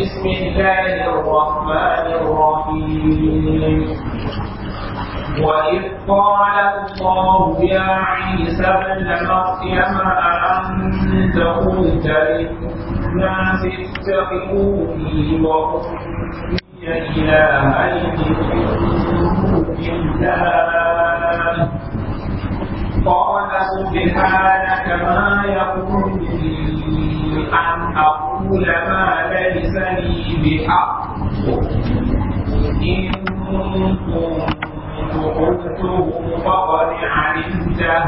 بسم الله الرحمن الرحيم وإذ قال الله يا عيسى ابن مريم أأنت قلت للناس اتخذوني وأمي إلهين من الله قال سبحانك ما يكون أن أقول ما ليس لي بحق إن كنت قلته فقد علمته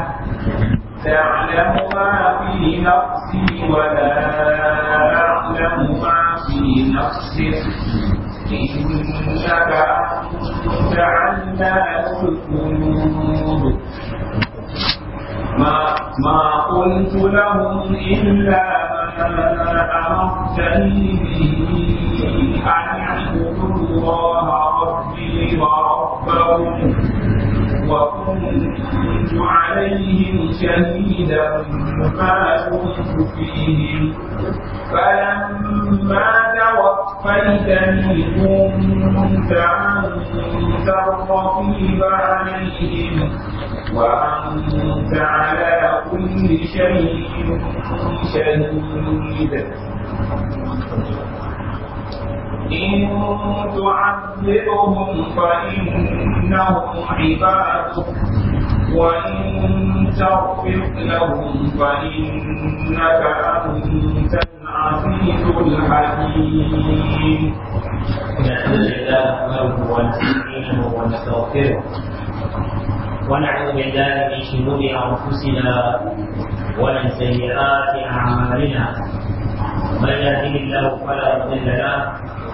تعلم ما في نفسي ولا أعلم ما في نفسك إنك أنت علام القلوب ما قلت لهم إلا ما أمرتني به أن اعبدوا الله ربي وربكم وكنت عليهم شهيدا ما كنت فيهم فلما توفيتني كنت أنت الرقيب عليهم وأنت على كل شيء شهيد إن تعذبهم فإنهم عبادك وإن تغفر لهم فإنك أنت العزيز الحكيم. الحمد لله نحمده ونستعينه ونستغفره ونعوذ بالله من شرور أنفسنا ومن سيئات أعمالنا من يهده الله فلا مضل له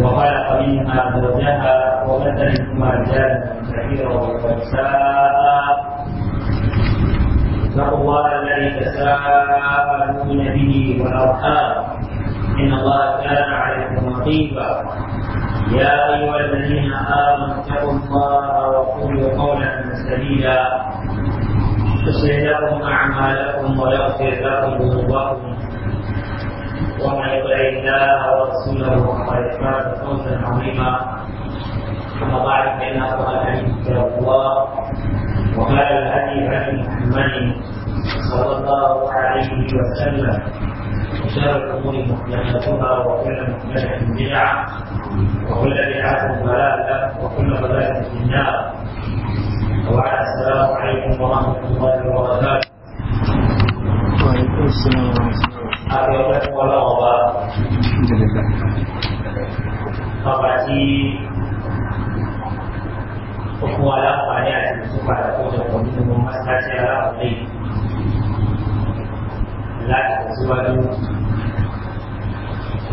وخلق منها زوجها وبث منهما رجالا كثيرا ونساء اتقوا الله الذي تساءلون به والارحام ان الله كان عليكم رقيبا يا ايها الذين امنوا اتقوا الله وقولوا قولا سديدا يصلح لكم اعمالكم ويغفر لكم ذنوبكم ومن يطع الله ورسوله فقد فاز فوزا عظيما اما بعد فان اصدق الحديث كتاب الله وقال الهدي عن محمد صلى الله عليه وسلم وشر الامور محدثاتها وكل محدثه بدعه وكل بدعه ضلاله وكل ضلاله في النار وعلى السلام عليكم ورحمه الله وبركاته وعليكم السلام ورحمه الله àpẹẹrẹ fún ọlọ́wọ́ bá ọba tí ó fún wa láǹfààní àti ìtúpadà tó jọpọ̀ nínú mọ́sáàtì aláàbọ̀lẹ́ láti tẹ̀síwájú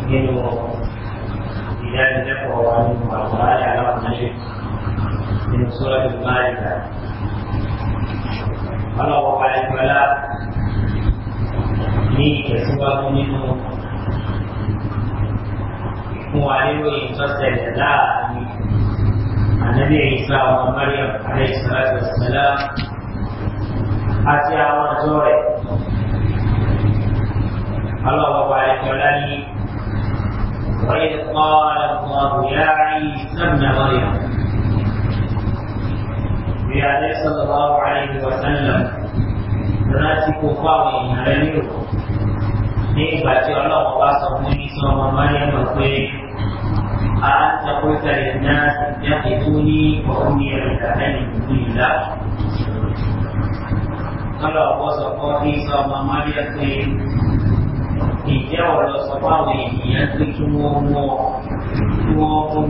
nínú ìdánilẹ́kọ̀ọ́ wa nínú àwọn aláàbọ̀lẹ́ nínú sọ́ọ́dún máa ń gbà. ọlọ́wọ́ bá ẹgbẹ́ láti ní ìtẹ̀síwájú nínú fún wa nínú ìtọ́sẹ̀lẹ̀ láàrin ànábì ìsá ọmọ mariam aláìsíláàtì ọ̀sẹ̀lá àti àwọn ọjọ́ rẹ̀ ọlọ́wọ́wọ́ àìkọ́lá ní وإذ قال الله يا عيسى ابن مريم بأبي صلى الله عليه وسلم راسك قوي على اليوم ní ìgbà tí ọlọ́wọ́ wá sọ fún ìsọ ọmọ mọ́lẹ́mọ̀ pé a ń sọkún yang náà jáde tó ní ọ̀hún ní ẹ̀rọ ìdàbẹ́ni ìlú ìlà. Allah sọ fún ìsọ ọmọ mọ́lẹ́ pé ìjẹ́ ọ̀rọ̀ sọ fún àwọn ènìyàn pé kí wọ́n mú ọ kí wọ́n fún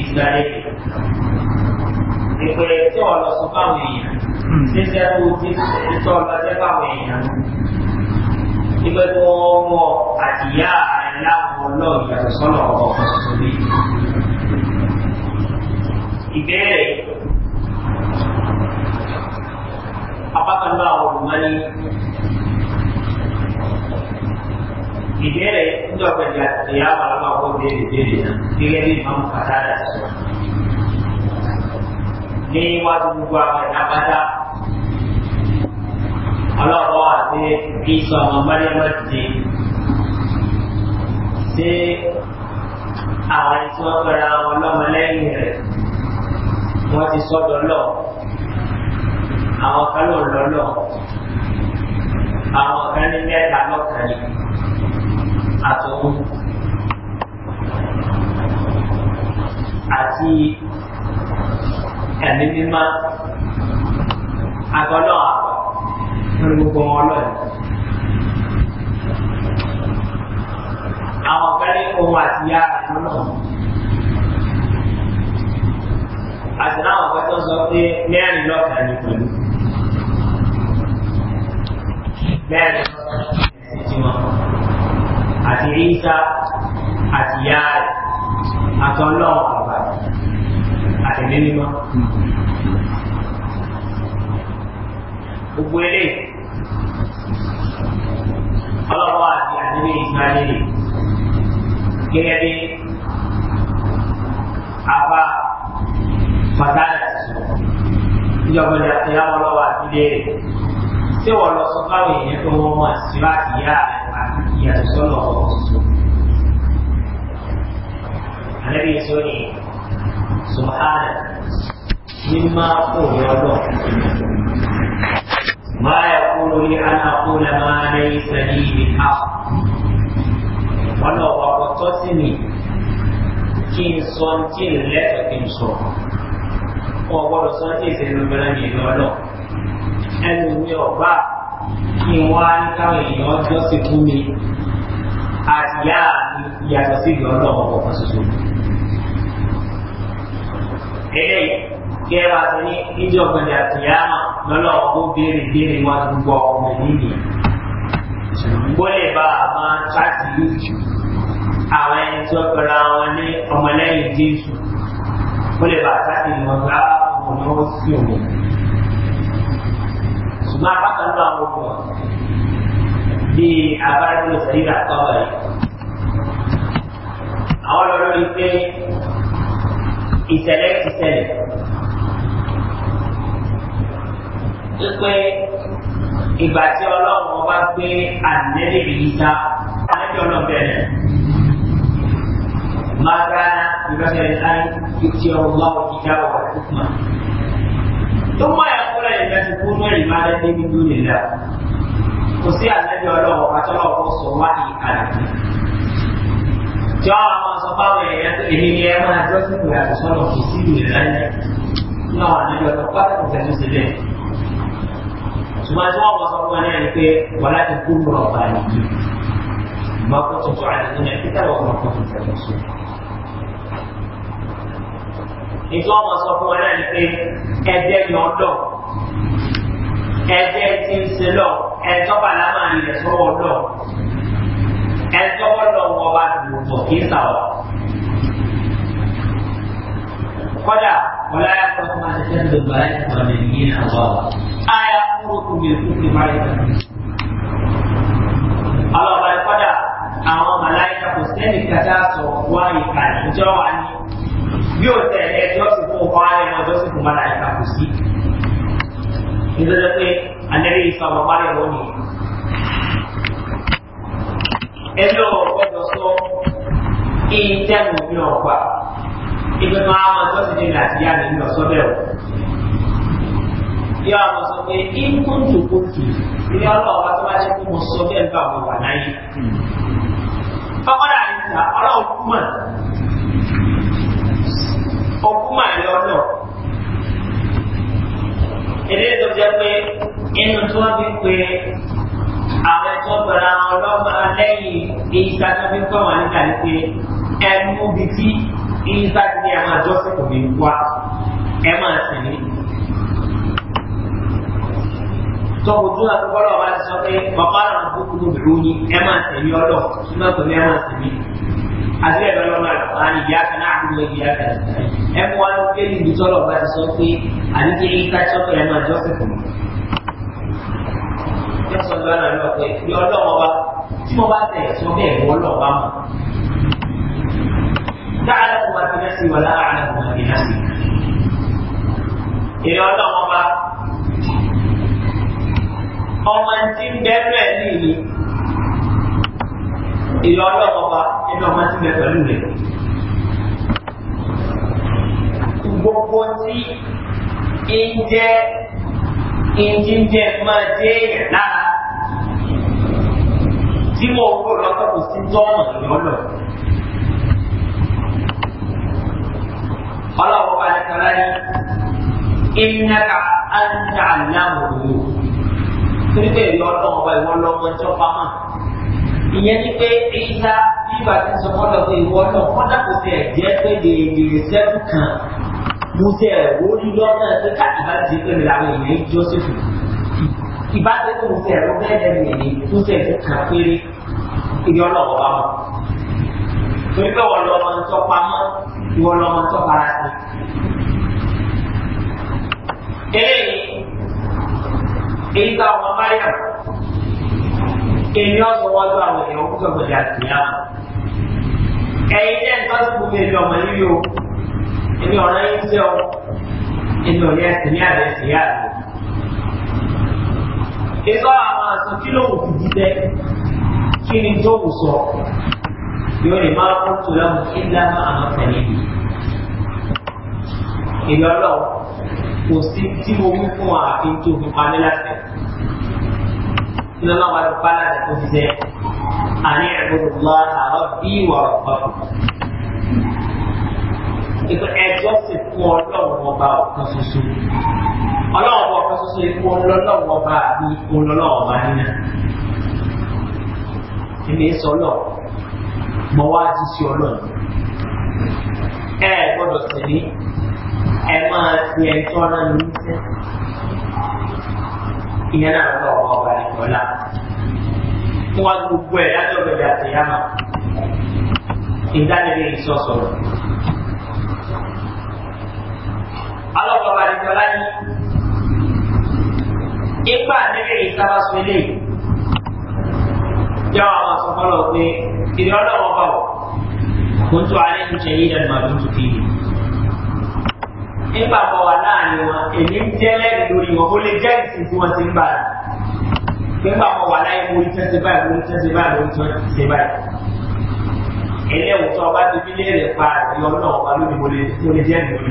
mi ìpìlẹ̀ tí wọ́n lọ sọ fáwọn èèyàn ṣíṣẹ́ hmm. tó ti tọ́ lọ́jọ́ fáwọn èèyàn ìgbẹ́ tí wọ́n mọ àdìyá aláwọ̀ náà yàtọ̀ sọ́nà ọ̀kan tuntun ní. ìbéèrè apákan náà wọ̀ lùmọ́ni ìbéèrè ń dọ̀gbẹ̀dẹ̀ àti ìyá àwọn ọlọ́mọ ọkọ̀ béèrè náà gẹ́gẹ́ bí ìmọ̀ mú kàtàkì sọ̀rọ̀ ní iwájú gbogbo àwọn ẹ̀dá pátá. ọlọ́wọ́ àti ìsọ ọmọ mọ́lẹ́mọ́ ti ṣe àwọn tí wọ́n pẹ̀lú àwọn ọlọ́mọlẹ́yìn rẹ̀ wọ́n ti sọ́dọ̀ lọ àwọn kan ló lọ lọ àwọn kan ní mẹ́ta lọ́kàn ní àti ẹ̀mí mímá àgọ́lọ́ àgọ́ lórí gbogbo wọn lọ́yìn. Àwọn ọ̀gá ní ohun àti ya àìmọ́ náà. Àti náà ọ̀gá tó sọ pé mẹ́rin lọ́ọ̀tà ni pẹ̀lú. Mẹ́rin lọ́ọ̀tà ni ti Àti Ísá àti Yáàrì àtọ́lọ́ọ̀tà ní mọ́. gbogbo eré ọlọ́wọ́ àti àdílé ìsirayẹlì gẹ́gẹ́ bí apá fatala ìjọba ìyá ọlọ́wọ́ àdílé rẹ̀ tí wọ́n lọ sọ fáwọn èèyàn tó wọ́n mọ̀ sí láti yá rẹ̀ سبحانه مما أقول يا الله ما يقول لي أن أقول ما ليس لي بالحق ولو أردتني كين صن كين لا تكن صن وأقول صن كين سنبرني يا الله ẹlòmí ọba kí n wá ní káwọn èèyàn ọjọ́ sí fún mi àti yáà mi yàtọ̀ sí ìgbọ́n náà ọkọ̀ kan ṣoṣo eléyìí kí ẹ bá sọ ní ìjọ gbẹdẹ àtìyámà lọ́lọ́ ó béèrè béèrè wá gbogbo ọmọ nìyí kó lè bá a máa ṣáàtì àwọn ẹni tí ó pẹ̀lú àwọn ní ọmọlẹ́yìn jésù kó lè bá ṣáàtì wọn gbá òun ni ó sì òun ṣùgbọ́n apákan náà àwọn ọkọ̀ bíi abájú ìṣẹ́yìn àkọ́bẹ̀ yìí àwọn lọ́lọ́ rí pé ìtẹ̀lẹ́ ìtẹ̀lẹ̀ wípé ìgbà tí ọlọ́run ọba gbé ànẹ́lẹ́bì yíta ànẹ́bì ọlọ́run bẹ̀rẹ̀ máa dáná ìrọ̀sẹ̀lẹ̀ láì títí ọlọ́run láwọn ìjà ọ̀rọ̀ kúkúmà tó mọ̀ ẹ̀ kúrẹ̀ ìrẹsì fún mẹ́rin máa dẹ́ kò sí ànẹ́bì ọlọ́run ọba tọ́lọ́run sọ wáyé àdàkùn tí wọ́n máa sọ fáwọn èèyàn tó èmi ni ẹ máa jọ́ sí ìwé àtúnṣọ́nà kò sí ìwé láyé nínú àwọn àlejò ọ̀tọ̀ pátákó tẹ̀sí sílẹ̀. ṣùgbọ́n tí wọ́n sọ fún ẹ náà ni pé wọ́n láti kú mọ̀ ọ̀bà yìí ìmọ̀ kó tuntun àti nínú ẹ̀kíta wọ́n mọ̀ kó tuntun tẹ̀sí sí. ìtọ́ wọn sọ fún ẹ náà ni pé ẹjẹ́ ni ọ̀dọ̀ ẹjẹ́ ti ń se lọ ẹjọ́ bàlámà ni ẹ̀sọ́ ọ̀dọ̀ ẹnitọ́wọ́lọ́ wọn bá lòótọ́ kí n sàwọ́. kọ́dà wọlé ayé akọ́kọ́ máa ṣe sẹ́ni gbogbo ayé ìtàn lè ní àwọn àwọn. ayé akọ́kọ́ mi kú ti máa yẹ. ọlọ́ba kọ́dà àwọn màláìka kò sẹ́ni kàtà sọ wá ìka ìjọ wa ní. bí o tẹ̀lé ẹjọ́ sì fún ọkọ ayé náà ọjọ́ sì fún màláìka kò sí. nítorí pé àlẹ́ yìí sọ ọ̀rọ̀ wálé wọ́n nìyí ẹlẹ́ ọ̀gbọ́dọ̀ sọ ìjẹun ní ọ̀pá ìgbìmọ̀ àwọn tó ti ní láti yá nínú ọ̀sọ́ bẹ̀rù bí àwọn sọ pé ìkúntùkúntù ilé ọlọ́ọ̀bá tó bá ṣe kó mo sọ bẹ́ẹ̀ bá wọn wà láyé fọ́kọ́dà àríta ọlọ́ọ̀ kúmà ọkúmà ilé ọlọ́ ilé tó jẹ́ pé inú tí wọ́n fi pe àwọn ẹ̀tọ́ gbọ́ra àwọn ọlọ́gbọ́n lẹ́yìn ìyíká tó fi ń kọ́ wọn níta ní pé ẹnu bí tí ìyíká ti ní àwọn àjọsìn kò ní wá ẹ máa sì ní. tọkùtù àti bọ́lá ọba ti sọ pé bàbá àwọn àbúkù bìrù ni ẹ máa sì ní ọlọ́ iná tó ní ẹ máa sì ní. àti ẹ̀rọ lọ́wọ́ àlọ́ àni ìyá kan náà àdúgbò ìyá kan ẹ mú wa ló kéde ìdútọ́lọ́ ọba ti sọ pé àdúgbò ìyíká tí wọ́n sọ lọ́wọ́ náà lọ́wọ́ pé ìpè ọlọ́wọ́ wa tí mo bá tẹ̀ sọ bẹ́ẹ̀ wọ́n lọ́wọ́ wa mọ̀. Táàlà kò máa fi náà sí wàlá àlà kò máa fi náà sí. Èrè ọlọ́wọ́ wa ìdí jẹ máa jẹ èèyàn lára tí mo ń lọ́tọ̀ kò sí tọ́ọ̀nà lọ́lọ́. ọlọ́wọ́ alẹ́kọ̀ọ́lá ní ìnáka àǹtà àlámòwò nígbà èyí ọlọ́wọ́ ọba ìwọ lọ́wọ́ tí pamọ́. ìyẹn ni pé ìta bíbà ti sọ fọ́dọ̀ pé ìwọ náà kò sí ẹ̀jẹ̀ pé dèédèé sẹ́kù kan mo tẹ ẹ̀wọ́ orí lọ́nà pé káàkiri bá ti pé mi làwọn èèyàn yìí jọ́ sífù ìbáṣe tó mo tẹ ẹ̀wọ́ bẹ́ẹ̀ lẹ́nu ẹ̀mí mo tẹ ẹ̀sẹ̀ kan péré ìyọ́ lọ́wọ́ bá wọn. torí pé wọ́n lọ ọmọ tó pamọ́ wọ́n lọ ọmọ tó para sí. eléyìí èyí tó àwọn ọmọ yà èmi ọ̀sán wọn tó àwọn èèyàn kúkọ̀ gbọ̀dọ̀ àtìyá ẹ̀yin jẹ́ nǹkan tó kú mi lọ́mọ níbi o èmi ọ̀rẹ́ yín sí ọ èmi ò ní ẹsẹ̀ ní àlẹ́ sí ìyá rẹ̀. Ìgbà àwọn àṣọ kí ló wù fi jíjẹ kí ni tó wù sọ yóò lè máa kó tó lọ́wọ́ kí ńlá máa àwọn tẹ̀lé mi. Ìlú ọlọ́wọ́ kò sí tí mo mú fún wa tó fi pa mí láti. Kí ló pa láti kó jíjẹ? Àní ẹ̀gbọ́n lọ́wọ́ àárọ̀ bí ìwà ọ̀pọ̀ jọ́sìn fún ọlọ́run ọba ọ̀kan ṣoṣo ọlọ́run ọba ọ̀kan ṣoṣo epo ọlọ́run ọba àbí epo ọlọ́run ọba nínú èmi sọ lọ mọ wá ti ṣe ọlọ́run ẹ gbọ́dọ̀ tẹ̀lé ẹ máa ti ẹ̀ tọ́ náà ní sẹ́ ìyẹn náà lọ́wọ́ ọba ìjọba fún wa gbogbo ẹ̀ lájọ́ bẹ̀rẹ̀ àtẹ̀yàmà ìdánilẹ́yìn sọ̀sọ̀rọ̀. àdìgbọ́lá ní ipa níbi ìsáwá sílé yọ àwọn sọfọlọ pé ìdí ọlọ́wọ́ bá wọ̀ kún tó alẹ́ tó ṣe yíyan màá tó fi yìí. nígbà bọ̀ wà láàrin wọn èmi ń jẹ́lẹ̀ lórí wọn ó lè jẹ́ ìsìn tí wọ́n ti ń bà á. nígbà bọ̀ wà láyé mo ń tẹ́sí báyìí mo ń tẹ́sí báyìí mo ń tẹ́sí báyìí. ẹlẹ́wọ̀n tó ọba ti fi léèrè pa àdìyọ náà lónìí mo lè jẹ́ ìlú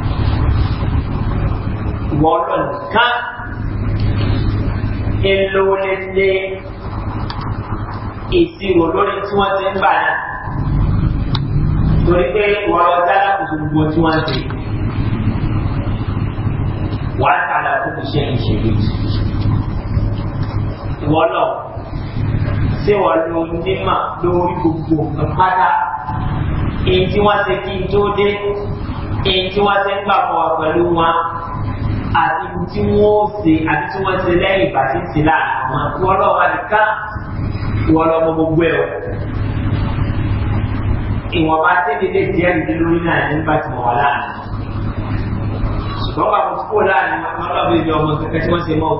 wọ́lọ̀ nìkan èlò lè lè ìṣirò lórí tí wọ́n ti ń bà náà torí pé wọ́lọ̀ dára kùtù gbogbo tí wọ́n ti wọ́n kàlà kùtù ṣe ìṣèlú wọ́lọ̀ tí wọ́n lo nímà lórí gbogbo pátá èyí tí wọ́n ti kí tó dé èyí tí wọ́n ti ń gbàgbọ́ pẹ̀lú wọn tí wọ́n ṣe àti tí wọ́n ṣe lẹ́yìn ìgbà tí ń ṣe láàrin ọmọ tí wọ́n lọ́wọ́ nìkan wọ́n lọ́mọ gbogbo ẹ̀ o. ìwọ̀nba tẹ́lẹ̀ lè jẹ́ ìdílórí náà nígbà tí wọ́n wà láàrin. ṣùgbọ́n wà kó kó láàrin wọn lọ́wọ́ ibi ọmọ kẹ́kẹ́ tí wọ́n ṣe mọ́ o.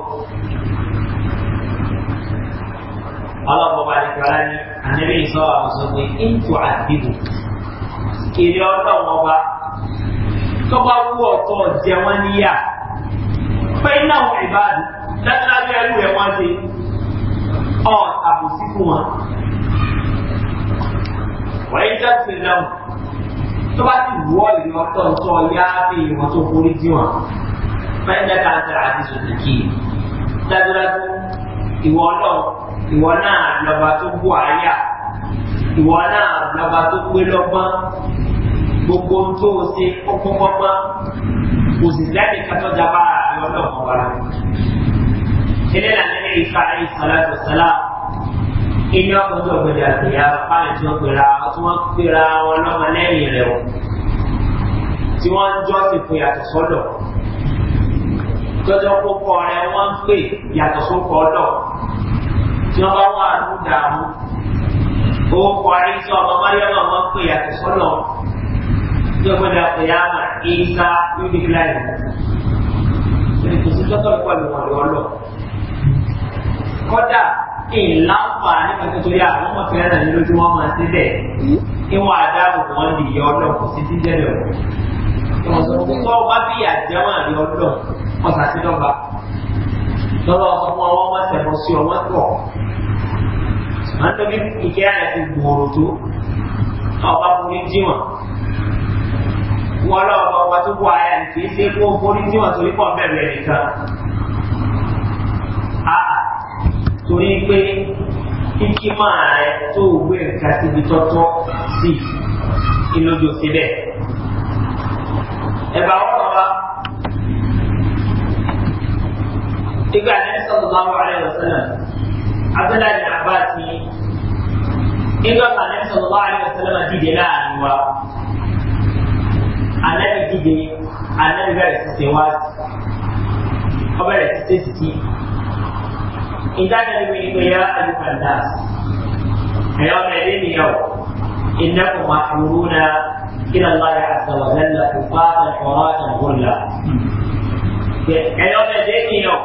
ọlọ́mọ bá nìkan láyé ànábì ìsọ̀rọ̀ àwọn sọ pé ìtù àdìbò ìrẹ́ ọlọ́wọ́ bá tó bá wú ọ̀tọ̀ jẹ wọ́n níyà. فإنهم عباد لا تنادوا يا وانتي أو أبوسكما وإن تغفر لهم tó bá ti wọ́ ìlú ọtọ́ ọtọ́ yá bí ìwọ̀n tó forí dí wọn bẹ́ẹ̀ lẹ́ka àtàrà àti sòtìkì dájúdájú ìwọ náà ìwọ náà lọ́ba tó bú àyà ìwọ náà lọ́ba tó pé lọ́gbọ́n gbogbo tó ṣe kókó gbọ́gbọ́n kò sì jáde kátó jábá àti ọlọ́ ọ̀wá. ilé lànà ní ìfà ìsọ̀lá ìsọ̀lá ilé ọkọ̀ tó gbẹdẹ àtìyá báyìí tí wọ́n pera tí wọ́n pera wọn lọ́mọ lẹ́yìn rẹ̀ wọ̀ tí wọ́n jọ́ sí fún yàtọ̀ sọ́dọ̀ tọ́jọ́ kókó rẹ̀ wọ́n ń pè yàtọ̀ sókó ọ̀dọ̀ tí wọ́n bá wà ní ìdààmú owó kọrin tí ọmọ mọ́lẹ́mọ̀ wọ́n ń pè yàtọ̀ sọ́dọ̀ jọba pada kiyama isa ibi gilani Jadi tó sì tọ́tọ̀ lọ́pọ̀ lọ́wọ́ lọ́wọ́ lọ. kọ́dà ìlà ń fa nípa nítorí àwọn ọmọ fẹ́ràn náà ní lójúmọ́ máa ti bẹ̀ ìwọ̀n àdáàbò wọn di ìyá ọlọ́ kò sí ti jẹ́ lọ. ìwọ̀n tó bá bí àjẹmọ́ àrí ọlọ́ ọ̀sà sí dọ́gba. lọ́wọ́ ọmọ wọn wọ́n sẹ̀fọ́ sí ọmọ tọ̀. wọ́n tóbi ìkẹ́ àyàfi gbòòrò wọn lọ́wọ́ ọba tó kó ayé àti kìí ṣe kó forí tí wọ́n torí pọ̀ bẹ̀rù ẹ̀ nìkan. a torí pé kíkí máa rẹ tó gbé nǹkan síbi tọ́tọ́ sí ìlójú síbẹ̀. ẹ̀bà wọn lọ́wọ́ ìgbà ní sọ̀tọ̀ bá wà lẹ́yìn ọ̀sẹ̀ náà abẹ́lá ní àbá ti kan ní sọ̀tọ̀ bá wà lẹ́yìn ọ̀sẹ̀ náà dìde láàrin wa anabi dìde anabi bẹ̀rẹ̀ sísè wá ọbẹ̀rẹ̀ sísè sìkì ìdájọ́ níbi ìgbé yá alùpàdà ẹ̀yọ́ mẹ́rin nìyàwó ìnákùn máa na إلى الله عز وجل حفاظا عراة غرلا ẹ̀yọ́ mẹ́rin nìyàwó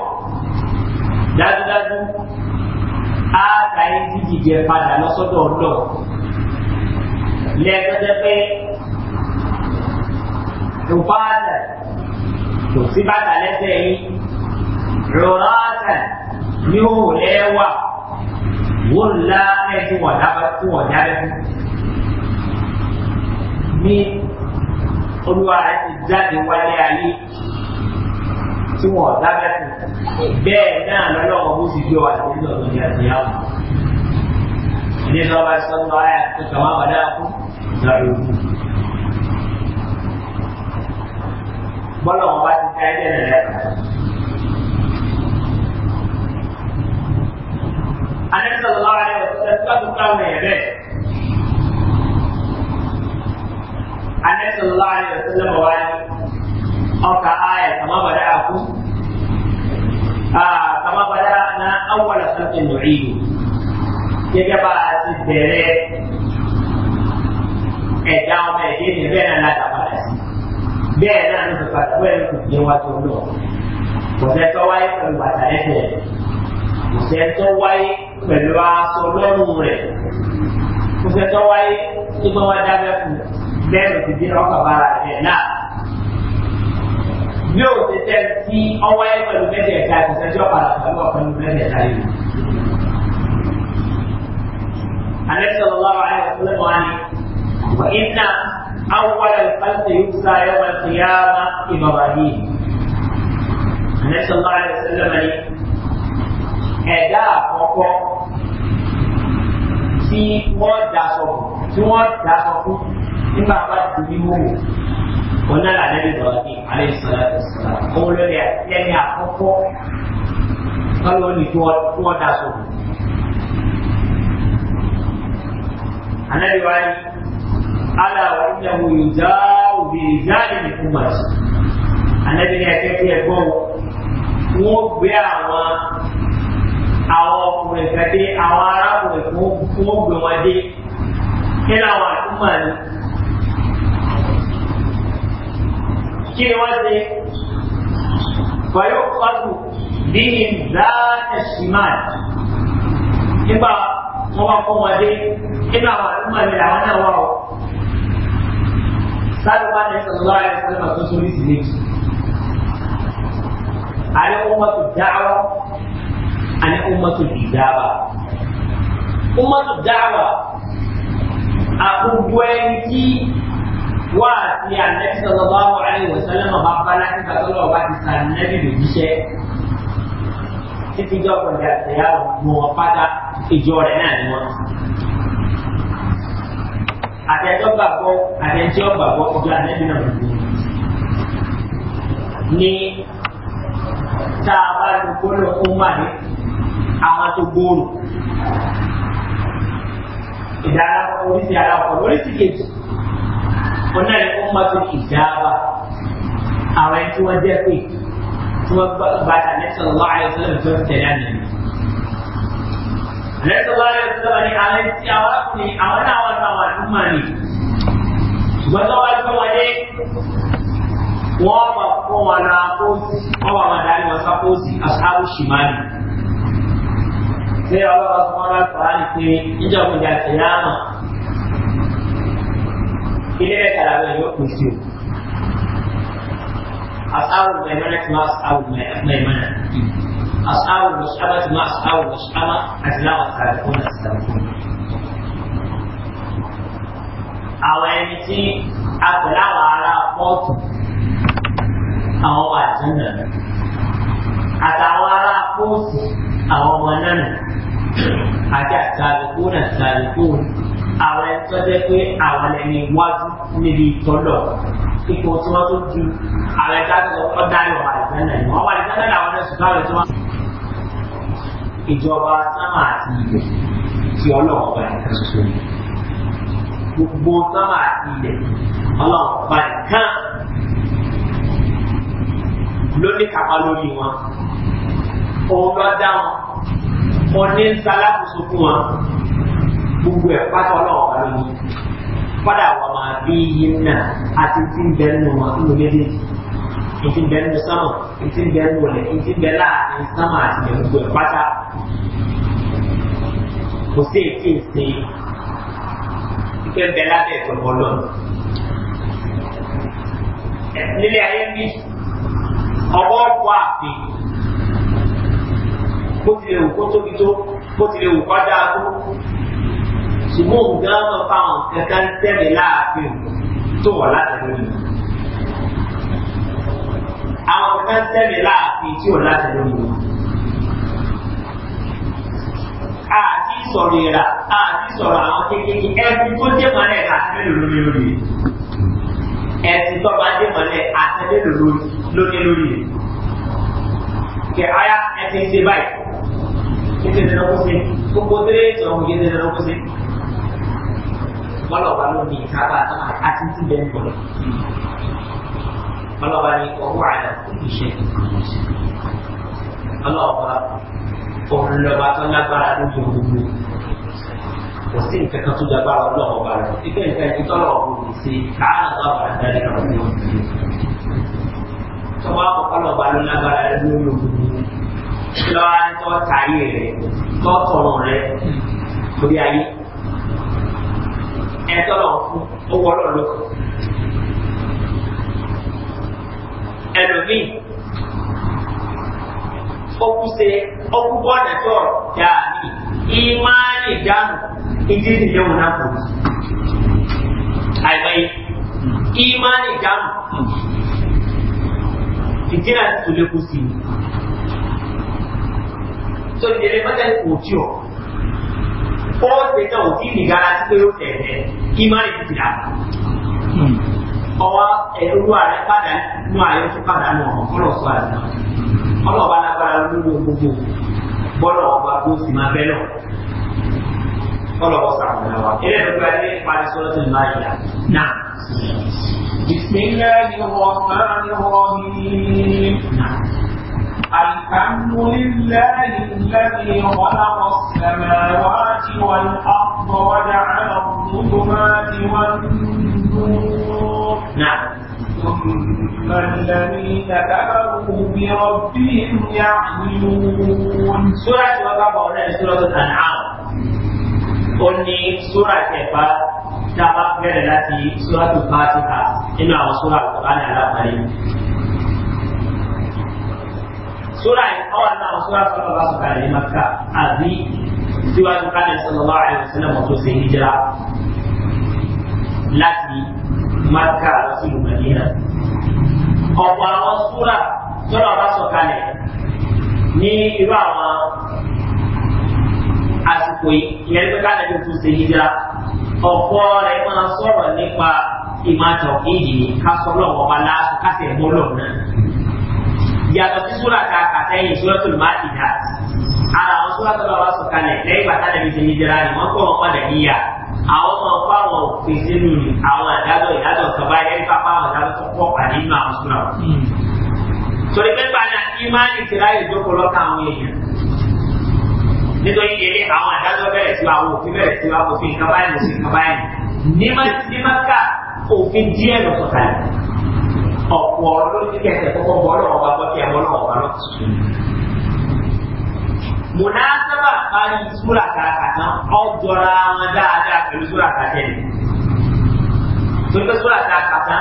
dájúdájú á kàyé dídìjẹ padà lọ́sọ́dọ̀ ọ̀dọ́ lẹ́ẹ̀kọ́ jẹ́ pé dùbátà kò sí bàtà lẹ́sẹ̀ yìí rọ̀rátà ní òun lẹ́wà wọ́n lá ẹ̀ tí wọ́n dábẹ́ tí wọ́n dábẹ́ fún. ní olúwa rẹ̀ ti jáde wálé ayé tí wọ́n dábẹ́ fún bẹ́ẹ̀ náà lọ́lọ́wọ́ bó ti gbé wa lórí ọ̀dọ́ ní àtìyáwó. ilé lọ́ba sọ́nù ayé àti kàmá wàdà fún ìgbà yòókù. bọ́lá wọn bá ti ká ẹgbẹ́ rẹ̀ lẹ́ka. Anẹ́sọ̀rọ̀ lára ẹ̀ ọ̀sẹ̀ síwájú táwọn èèyàn bẹ́ẹ̀. Anẹ́sọ̀rọ̀ lára ẹ̀ ọ̀sẹ̀ lẹ́mọ̀ wáyé. Ọkà ayẹ̀ sàmábàdá àkú. Sàmábàdá na awọ́lá sọ́kè nùcíyù. Gẹ́gẹ́ bá bẹ́ẹ̀ náà ló ti padà bẹ́ẹ̀ ló ti gbé wá tó lọ. kò sẹ́ tó wáyé pẹ̀lú àtàlẹ́sẹ̀ rẹ̀ kò sẹ́ tó wáyé pẹ̀lú aṣọ lọ́rùn rẹ̀ kò sẹ́ tó wáyé tó bá wá dábẹ́ fún bẹ́ẹ̀ ló ti gbé ọkà bára rẹ̀ náà. bí o ti sẹ́ tí ọ wáyé pẹ̀lú mẹ́tẹ̀ẹ̀ta kò sẹ́ tí padà pẹ̀lú ọ̀pẹ̀lú mẹ́tẹ̀ẹ̀ta yìí. alẹ́ sọ̀rọ̀ lọ́wọ́ àyẹ̀wò أول الخلق يجزى يوم القيامة إبراهيم النبي صلى الله عليه وسلم ẹ̀dá àkọ́kọ́ tí wọ́n daṣọ tí wọ́n daṣọ fún nígbà bá ti ní wò wọn náà lànà ìbọn ní alẹ́ ìsọ̀rọ̀ ìsọ̀rọ̀ òun lórí ẹni àkọ́kọ́ tọ́lọ́ ní tí wọ́n daṣọ fún. Ànábi wáyé. ألا وإنه يجار برجال من أمة النبي يكفي يقول wọ́n gbé àwọn àwọn ọkùnrin kan dé àwọn arákùnrin kan wọ́n gbé wọn dé kí làwọn àtúmọ̀ ni. kí ni wọ́n ṣe pẹ̀lú pàtó bí ìdáná ṣìmáà nígbà wọ́n bá kọ́ wọn dé nínú àwọn àtúmọ̀ ni àwọn náà wà ó sábẹ́ bá nẹ́sẹ̀ lọ́wọ́ ayé sálẹ́mà tó sórí sí méjì. Àlẹ́ ọmọtò dáwà, àlẹ́ ọmọtò ìdáwà. Ọmọtò dáwà, àkókò ẹni tí wá àti ànẹ́sẹ̀ lọ́wọ́ ayé sálẹ́mà bá bá láti gbàgbọ́ ọba ti sàn nẹ́bí lè jíṣẹ́. Títí jọ́ ọ̀pọ̀ ìjà ìyá pátá ìjọ rẹ̀ náà ni wọ́n àtẹ̀tọ́ gbàgbọ́ àtẹ̀tí ọgbàgbọ́ ọgbà nẹ́bí náà ní tá a bá lu gbólóhùn fún màdé àwọn tó gbòòrò ìdára oríṣi ara ọ̀pọ̀ oríṣi kejì ọ̀nà ìfún mọ́tò ìjáàbá àwọn ẹni tí wọ́n jẹ́ pé tí wọ́n gbàgbà tàbí sọ̀rọ̀ wá àyẹ̀sọ́lẹ̀ tó ń tẹ̀lé àná Nabi sallallahu alaihi wasallam ni alaihi awak ni awak awak awak cuma ni. Betul betul wajib. Wọ́n bá fún wọn náà kó sí, wọ́n bá wọn dání wọn sá kó sí aṣáájú ṣìmáàlì. Ṣé ọlọ́run sọ wọn láti wá ní pé ìjọba ìjà kìláàmà ilé ẹ̀ka làwọn èèyàn kò sí o. Aṣáájú mẹ́rin náà ti máa aṣáájú mẹ́rin náà. أصحاب المصحبة ما أصحاب المصحبة أجلاء السابقون السابقون àwọn ẹni tí a pè láwọn ará pọ́ọ̀tù àwọn ọba àjẹ́nà àtàwọn ará pọ́ọ̀tù àwọn ọmọ náà àti àtàlùkù náà àtàlùkù àwọn ẹni tó jẹ́ pé àwọn ẹni wájú níbi ìtọ́lọ̀ ipò tí wọ́n tó ju àwọn ẹ̀ka tó ọ̀dà ìwà àjẹ́nà ìwọ̀n wà ní sẹ́dá àwọn ẹ̀sùn káwọn ẹ̀sùn wọn ìjọba sámà àti ilẹ̀ tí ọlọ́run ọba nìkan ṣoṣo ni gbogbo sámà àti ilẹ̀ ọlọ́run ọba nìkan ló ní kápá lórí wọn òun lọ dá wọn òun ní ń salákòóso fún wọn gbogbo ẹ̀ pátá ọlọ́run ọba lórí padà wà máa bí yín náà àti tí ń bẹ nínú wọn nínú méjèèjì ìtì bẹ́ẹ̀ ní sánmà ìtì bẹ́ẹ̀ ní wọlé ìtì bẹ́ẹ̀ láàrin sánmà àti ìyẹn gbogbo ẹ̀ pátá kò sí èké ìsè ìpè bẹ́ẹ̀ lábẹ́ ìtọ́mọ lọ. nílé ayé bí ọwọ́ ọkọ̀ àfi bó tilẹ̀ wù kó tóbi tó bó tilẹ̀ wù kó dáa tó ṣùgbọ́n òun gan-an máa kankan tẹ̀lé láàfin tó wà látàrí yìí àwọn kan tẹ̀lé láàfin tí ò láti lórí wọn. àti sọ̀rọ̀ ìrà àti sọ̀rọ̀ àwọn kékeré ẹbí tó dé mọ́lẹ̀ àti lórí lórí ẹ̀sìn tó bá dé mọ́lẹ̀ àti lórí lórí kẹ aya ẹsẹ ṣe báyìí ẹsẹ ṣe lọ́kọ́ sí gbogbo tẹ́lẹ̀ sọ̀rọ̀ yẹ ṣe lọ́kọ́ sí. wọ́n lọ wà lónìí kábà àti ti bẹ́ẹ̀ ọlọ́ba ni ọwọ́ àná iṣẹ́ ọlọ́ọ̀ba òun lọ́ba tó lágbára lójú gbogbo kò sí nǹkan kan tó lágbára ọlọ́ọ̀ba rẹ̀ ìfẹ́ nǹkan ẹni tọ́lọ̀ ọ̀hún ní sí káàlà tó àbàrà dáadáa kan sí òun sí tọ́wọ́ àkọ́kọ́ lọ́ba ló lágbára lójú gbogbo lọ́wọ́ ni tọ́ rẹ̀ tọ́ rẹ̀ lórí ayé ẹ̀ tọ́lọ̀ fún owó ọlọ́ọ̀lọ́kọ̀ọ́ ẹlòmíì ọkùsẹ ọkùbọ́nà tó dàní ìmáàlì dànù ìdí ìdílé wọn náà kù àìmọye ìmáàlì dànù ìdí náà tó lékún sí i tó ìdílé mọ́tẹ́lẹ̀ kò tí ọ̀ ó ṣe náà ò tí ì nìgára sí pé ó tẹ̀lé ìmáàlì ti dànù ọwọ́ ẹ̀rú ààrẹ padà nù ààrẹ tó padà nù ọ̀hún kọ́lọ̀ sọ àná kọ́lọ̀ bá lágbára lórí gbogbo bọ́lọ̀ ọba tó sì máa bẹ́ lọ kọ́lọ̀ bọ́ sàmúlẹ̀ wa eré ẹ̀rọ gba ilé ìparí sọ́dọ̀ tó ní máa yà náà. بسم الله الرحمن الرحيم الحمد لله الذي خلق السماوات والأرض وجعل الظلمات والنور نعم ثم الذين كفروا بربهم يعملون سورة وقبر سورة الأنعام قلني سورة كيف تبقى التي سورة الفاتحة إنها سورة القرآن على قريب سورة أول ما سورة صلى الله عليه وسلم مكة هذه سورة القرآن صلى الله عليه وسلم وتوسع هجرة láti maka àti ìmọ̀lẹ́yà. ọ̀pọ̀ àwọn súrà tọ́lá ọba sọ̀kalẹ̀ ní irú àwọn àsìkò yìí ìyẹn ní ká lẹ́yìn tó ṣe yíjá ọ̀pọ̀ rẹ̀ máa sọ̀rọ̀ nípa ìmọ̀tọ̀ ìdì kásọ̀lọ̀ ọba láàṣù kásẹ̀ mọ́lọ̀ náà. yàtọ̀ sí súrà ká kàtẹ́yìn súrà tó lè má ti dà. ara àwọn súrà tọ́lá ọba sọ̀kalẹ̀ lẹ́yìn bàtà lẹ́yìn tó ṣe yíjá ni wọ́n kọ́ wọn padà níyà àwọn ọmọ fáwọn pèsè lórí àwọn àdájọ ìdájọ ìsọba ẹni pápá àwọn àdájọ tó pọ̀ pà nínú àwọn súnà. Hmm. torí pẹ́pà náà ìmáàlì ti ráyè jókòó lọ́kàn àwọn èèyàn nítorí ilé àwọn àdájọ bẹ̀rẹ̀ sí wa àwọn òfin bẹ̀rẹ̀ sí wa òfin nǹkan báyìí òfin nǹkan báyìí ní maka òfin díẹ̀ lọ sọ̀kalẹ̀ ọ̀pọ̀ ọ̀rọ̀ lórí kíkẹ́ ẹ̀sẹ̀ kọ́kọ́ bọ́ ọlọ́wọ́ bá munasaba bayan sura ta kana ọjọra da da kan sura ta tẹ̀lé to gbé sura ta kàtà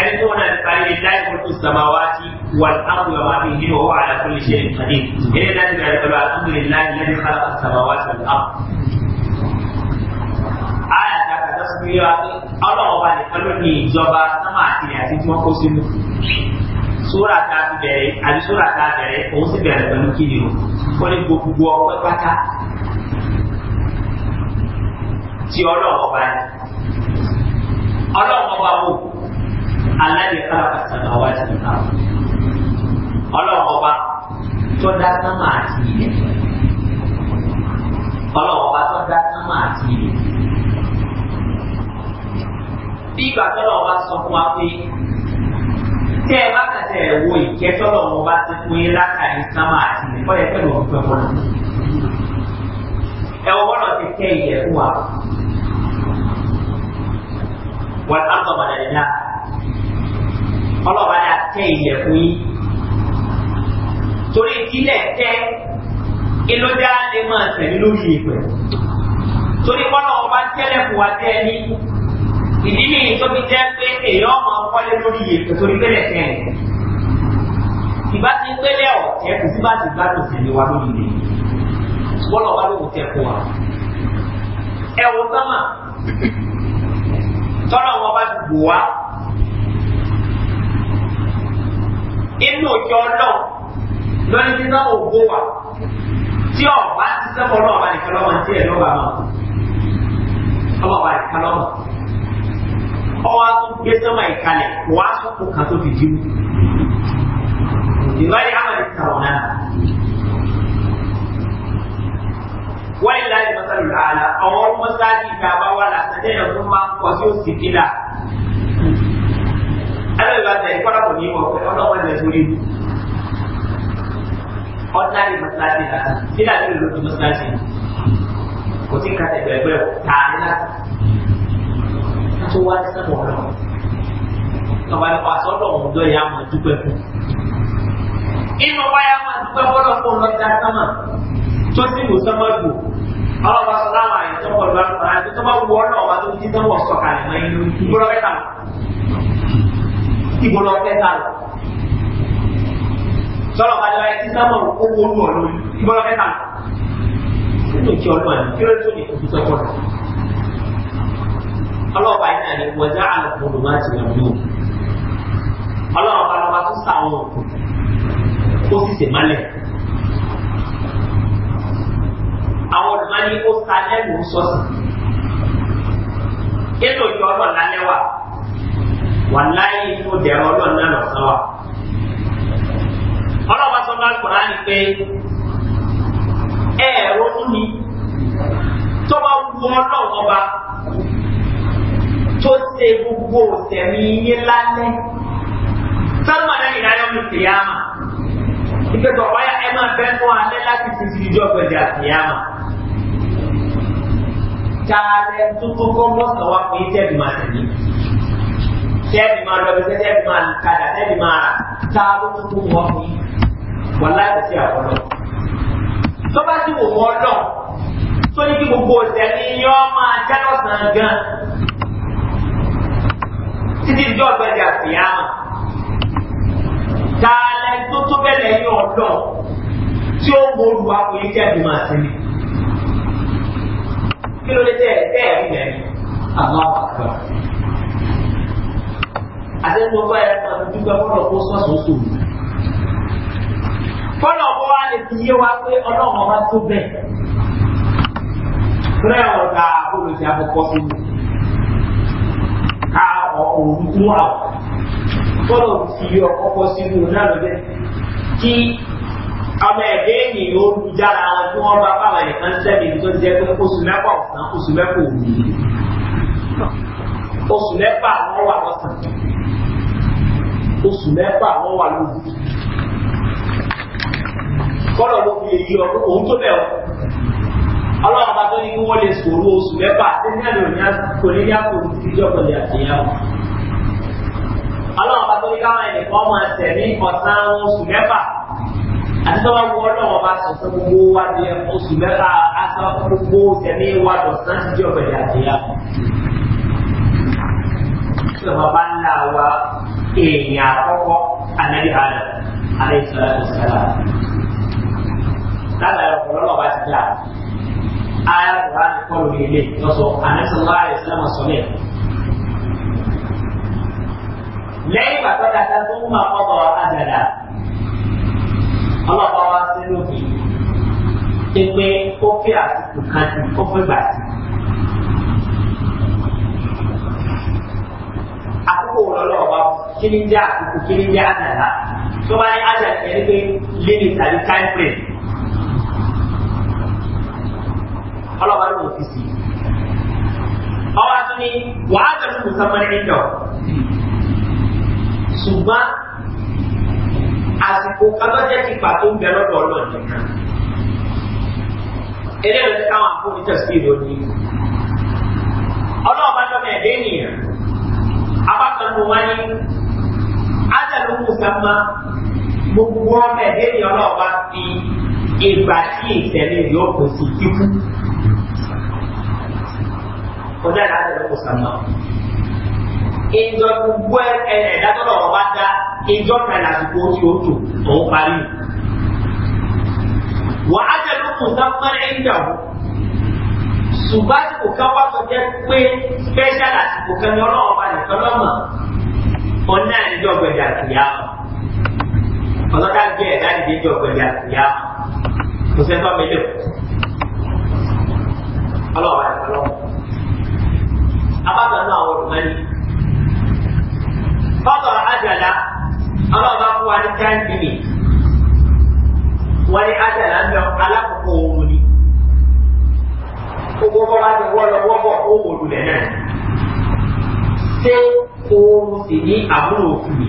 ẹni na da bari da ní láì samawati wal ardu wa ma fihi wa huwa ala kulli shay'in qadir ila láti da pẹ̀lú alhamdulillah alladhi khalaqa samawati wal ardu Aya ta kàtà tasbiya Allah wa bani kalmi ní sama ti ya ti àti tí Sura ta ti bẹ̀rẹ̀ ali sura ta bẹ̀rẹ̀ òun sì da kalmi kíni o. wọ́n ní gbogbo ọpẹ́ pátá tí ọlọ́run ọba ni ọlọ́run ọba wò aládé kálábàtà náà wá sí ìta ọlọ́run ọba tó dá sánmà àti ilẹ̀ ọlọ́run ọba tó dá sánmà àti ilẹ̀ bí ìgbà tó lọ́wọ́ bá sọ fún wa pé tẹ́ ẹ bá kàtẹ́ ẹ̀ wo ìkẹ́tọ́lọ̀ wọn bá ti fún yín látàrí sámà àti ìfọ́lẹ̀ pẹ̀lú ọ̀pẹ wọn. ẹ wọ́n bọ́lọ̀ ti kẹ́ ìyẹ̀ fún wa. wọ́n á sọ bàdà dídá. ọlọ́ba yà kẹ́ ìyẹ̀ fún yín. torí ìdílé kẹ́ ìlójà lè máa tẹ̀lé lórí ìpẹ́. torí bọ́lọ̀ wọn bá tẹ́lẹ̀ fún wa tẹ́ ní ìdí ni tó fi jẹ́ pé èèyàn máa wọlé lórí iye tuntun ní pẹ́lẹ̀ fẹ́ rẹ̀. ìbá ti ń pẹ́lẹ̀ ọ̀tẹ́ kò sí bá ti gbá tòsí ni wa lórí ilé bọ́lọ̀ wa ló kò tẹ̀ kó wa. ẹ wo sọ́mà tọ́lá wọn bá ti bò wá. inú òjò ọlọ́ọ̀ lọ́ni tí náà ò bó wa tí ọ̀bá ti sẹ́kọ̀ọ́ náà wà nìkan lọ́wọ́ tí ẹ̀ lọ́wọ́ àwọn ọmọ wa nìkan lọ́wọ́ ọwọ́ tó gbé sọ́mà ìkalẹ̀ wàá sọ́kò kan tó fi jí mu. ìbáyé amadi sàwọn náà. wọ́n ilá ìmọ̀sálù ààlà àwọn mọ́sáájì ìgbàgbá wà lásàdé yẹn fún máa ń kọ́ sí òsì kílà. alábìbá tẹ̀ ẹ́ kọ́lá kò ní wọ̀ pé ọlọ́wọ́ ẹ̀ lẹ́sùn yìí. ọ̀dáàdì mọ́sáájì lásán kílà ló lò lójú mọ́sáájì kò sí kàtẹ́gbẹ̀gbẹ̀ tààrí lásán tó wá sẹ́wọ̀n rẹ̀ tọ́ba nípa sọ́dọ̀ ọ̀hún lọ yà máa dúpẹ́ fún. inú wa yà máa dúpẹ́ fọ́dọ̀ fún lọ́jà sámà tó sì wò sọ́mọ́ jù ọlọ́wọ́ sọ láwọn àyè tó wọ̀ lọ́wọ́ àyè tó bá wù ọ́ náà wà tó ti sẹ́wọ̀n sọ̀kalẹ̀ mọ́ inú ìgbọ́lọ́ fẹ́ tà lọ. ìgbọ́lọ́ fẹ́ lọ. sọ́lọ́ bá lọ́wọ́ ẹtí sẹ́wọ̀n owó olú ọ̀lọ́ ìgbọ́lọ́ fẹ́ lọ. kí ló tó ní ìfòkútọ́ ọlọ́ọ̀bá yìí náà ni wọ́jà àlùkòlù máa ti wọ̀n mú ọlọ́ọ̀bá lọ́ba tó sàwọn ó sì sè mọ́lẹ̀ àwọn ọ̀dùnmá ní ó sa lẹ́nu sọ́ọ̀sì nínú ìjọ ọlọ́ọ̀lá lẹ́wà wà láyé inú dẹ̀rọ ọlọ́ọ̀lá lọ́sàn wa ọlọ́ọ̀bá sọ bá kọ̀ọ̀rọ̀ á ní pé ẹ̀ẹ́rọ tún ni tó bá wù ọlọ́ọ̀ọ́ tó ṣe gbogbo òtẹ̀mí yín lálẹ́ sọ́dọ̀ náà ìdájọ́ mi ti yá mà ìgbésọ̀ wáyà ẹ máa fẹ́ fún alẹ́ láti ti ti ìjọ gbẹ̀dẹ̀ àti yá mà taalẹ tuntun kọ́kọ́ kan wá pé tẹ́ẹ̀bì máa tẹ̀lé tẹ́ẹ̀bì máa lọ bíi tẹ́ẹ̀bì máa kadà tẹ́ẹ̀bì máa rà taalẹ tuntun wọ́n fi wọ́n láti ṣe àwọn lọ. tó bá ti wò wọ́n lọ tó ní kí gbogbo já lọ́sàn-án gan títí ìjọ ọ̀gbẹ́dẹ̀ àfìyàmà tààlà tó tó bẹ̀rẹ̀ ní ọ̀dọ́ tí ó gbòòrò àpòyí jáde máa sinmi kí ló dé tẹ́ ẹ̀ rí lẹ́nu àwọn àpàkọ́ àtẹ́tù ọba ẹ̀rọ kan tó dúpẹ́ fọ́nà kó sọ́ọ̀sì ó sòrò fọ́nà ọkọ wa lè fi yé wa pé ọlọ́run ọba tó bẹ̀ fúnra ẹ̀ wọ̀ta olùsí àkọ́kọ́ sí mi òru tó wà tọ́lọ̀ ti yọ ọkọ̀ sínú náà lọ́dẹ̀ kí ọmọ ẹ̀dẹ́ ènìyàn ó lu jára wọn tí wọ́n bá bàbá nìkan sẹ́ni tó jẹ́ pé oṣù mẹ́fà ọ̀sán oṣù mẹ́fà òru oṣù mẹ́fà wọ́n wà lọ́sàn oṣù mẹ́fà wọ́n wà lóru kọ́lọ̀ ló fi èyí ọdún òun tó bẹ̀ ọ́ ọlọ́run bá tó ní kí wọ́n lè sòrò oṣù mẹ́fà tí ní àná òní àkókò ní àkókò tí ìjọba ìyàtìyà wọn ọlọ́run bá tó ní káwọn ẹnì kan máa tẹ̀ ní ọ̀sán oṣù mẹ́fà àti tó bá wọ ọlọ́run bá sọ fún gbogbo wa ní oṣù mẹ́fà aṣọ gbogbo tẹ̀mí wa dọ̀sán ti di ọ̀gbẹ̀dẹ̀ àjẹyà. tí ọba bá ń la wa èèyàn àkọ́kọ́ ànábì àlọ́ àlẹ́ ìṣọ̀lá ìṣọ̀lá. lábàá ọ̀pọ̀lọpọ̀ bá ti dà á yà wà á ilé lọ́sọ̀ àlẹ́ sọ̀rọ̀ àlẹ́ ìṣọ̀lá lẹ́yìn ìgbà tó dáta tó ń máa kọ́kọ́ àjàdá ọlọ́pàá wa sí lókè pípé ó fi àsìkò kan sí ó fi gbà sí. àkókò lọ́lọ́ ọba kí ni jẹ́ àkókò kí ni jẹ́ àjàdá tó bá ní àjàdá yẹn pé lílì tàbí time frame ọlọ́pàá ló ń fi sí. ọwọ́ àtúnyí wàá tẹ̀lé musamman ẹ̀jọ̀ ṣùgbọ́n àsìkò kan tó jẹ́ kípa tó ń bẹ lọ́dọ̀ ọlọ́ọ̀dẹ kan eléyìí ló ti káwọn àkókò tẹ̀sí ìròyìn yìí ọlọ́ọ̀bá jọmọ ẹ̀dẹ́ ènìyàn abákanú wáyé ájàlú mùsàmá gbogbo ọmọ ẹ̀dẹ́ ènìyàn ọlọ́ọ̀bá fi ìgbà tí ìṣẹ̀lẹ̀ yóò kò sí kíkú kọjá ìdájọ́ mùsàmá ìjọ gbogbo ẹ̀dá tó lọ́wọ́ bá dá ìjọ kan lásìkò tí ó tù tó ń parí. wà á jẹ́ lókun sáfẹ́rẹ́ ìdàgbò ṣùgbọ́n àsìkò kan wá sọ jẹ́ pé special àsìkò kan ní ọlọ́wọ́ bá nìkan lọ́mọ ọ̀nà ìjọ gbẹ̀dẹ̀ àtìyá ọlọ́dà gbé ẹ̀dá ìdíjọ gbẹ̀dẹ̀ àtìyá kò sẹ́ńtọ́ mi lè kù ọlọ́wọ́ bá nìkan lọ́mọ fọ́tọ̀ àjàlá ọlọ́ọ̀bá fún wa ní táìmì ni wọ́n ní àjàlá ń lọ alákòókò òun ni gbogbo bọ́lá ti wọ́ lọ wọ́pọ̀ owó olùlẹ̀ náà ṣé oorun sì ní àbúrò òfin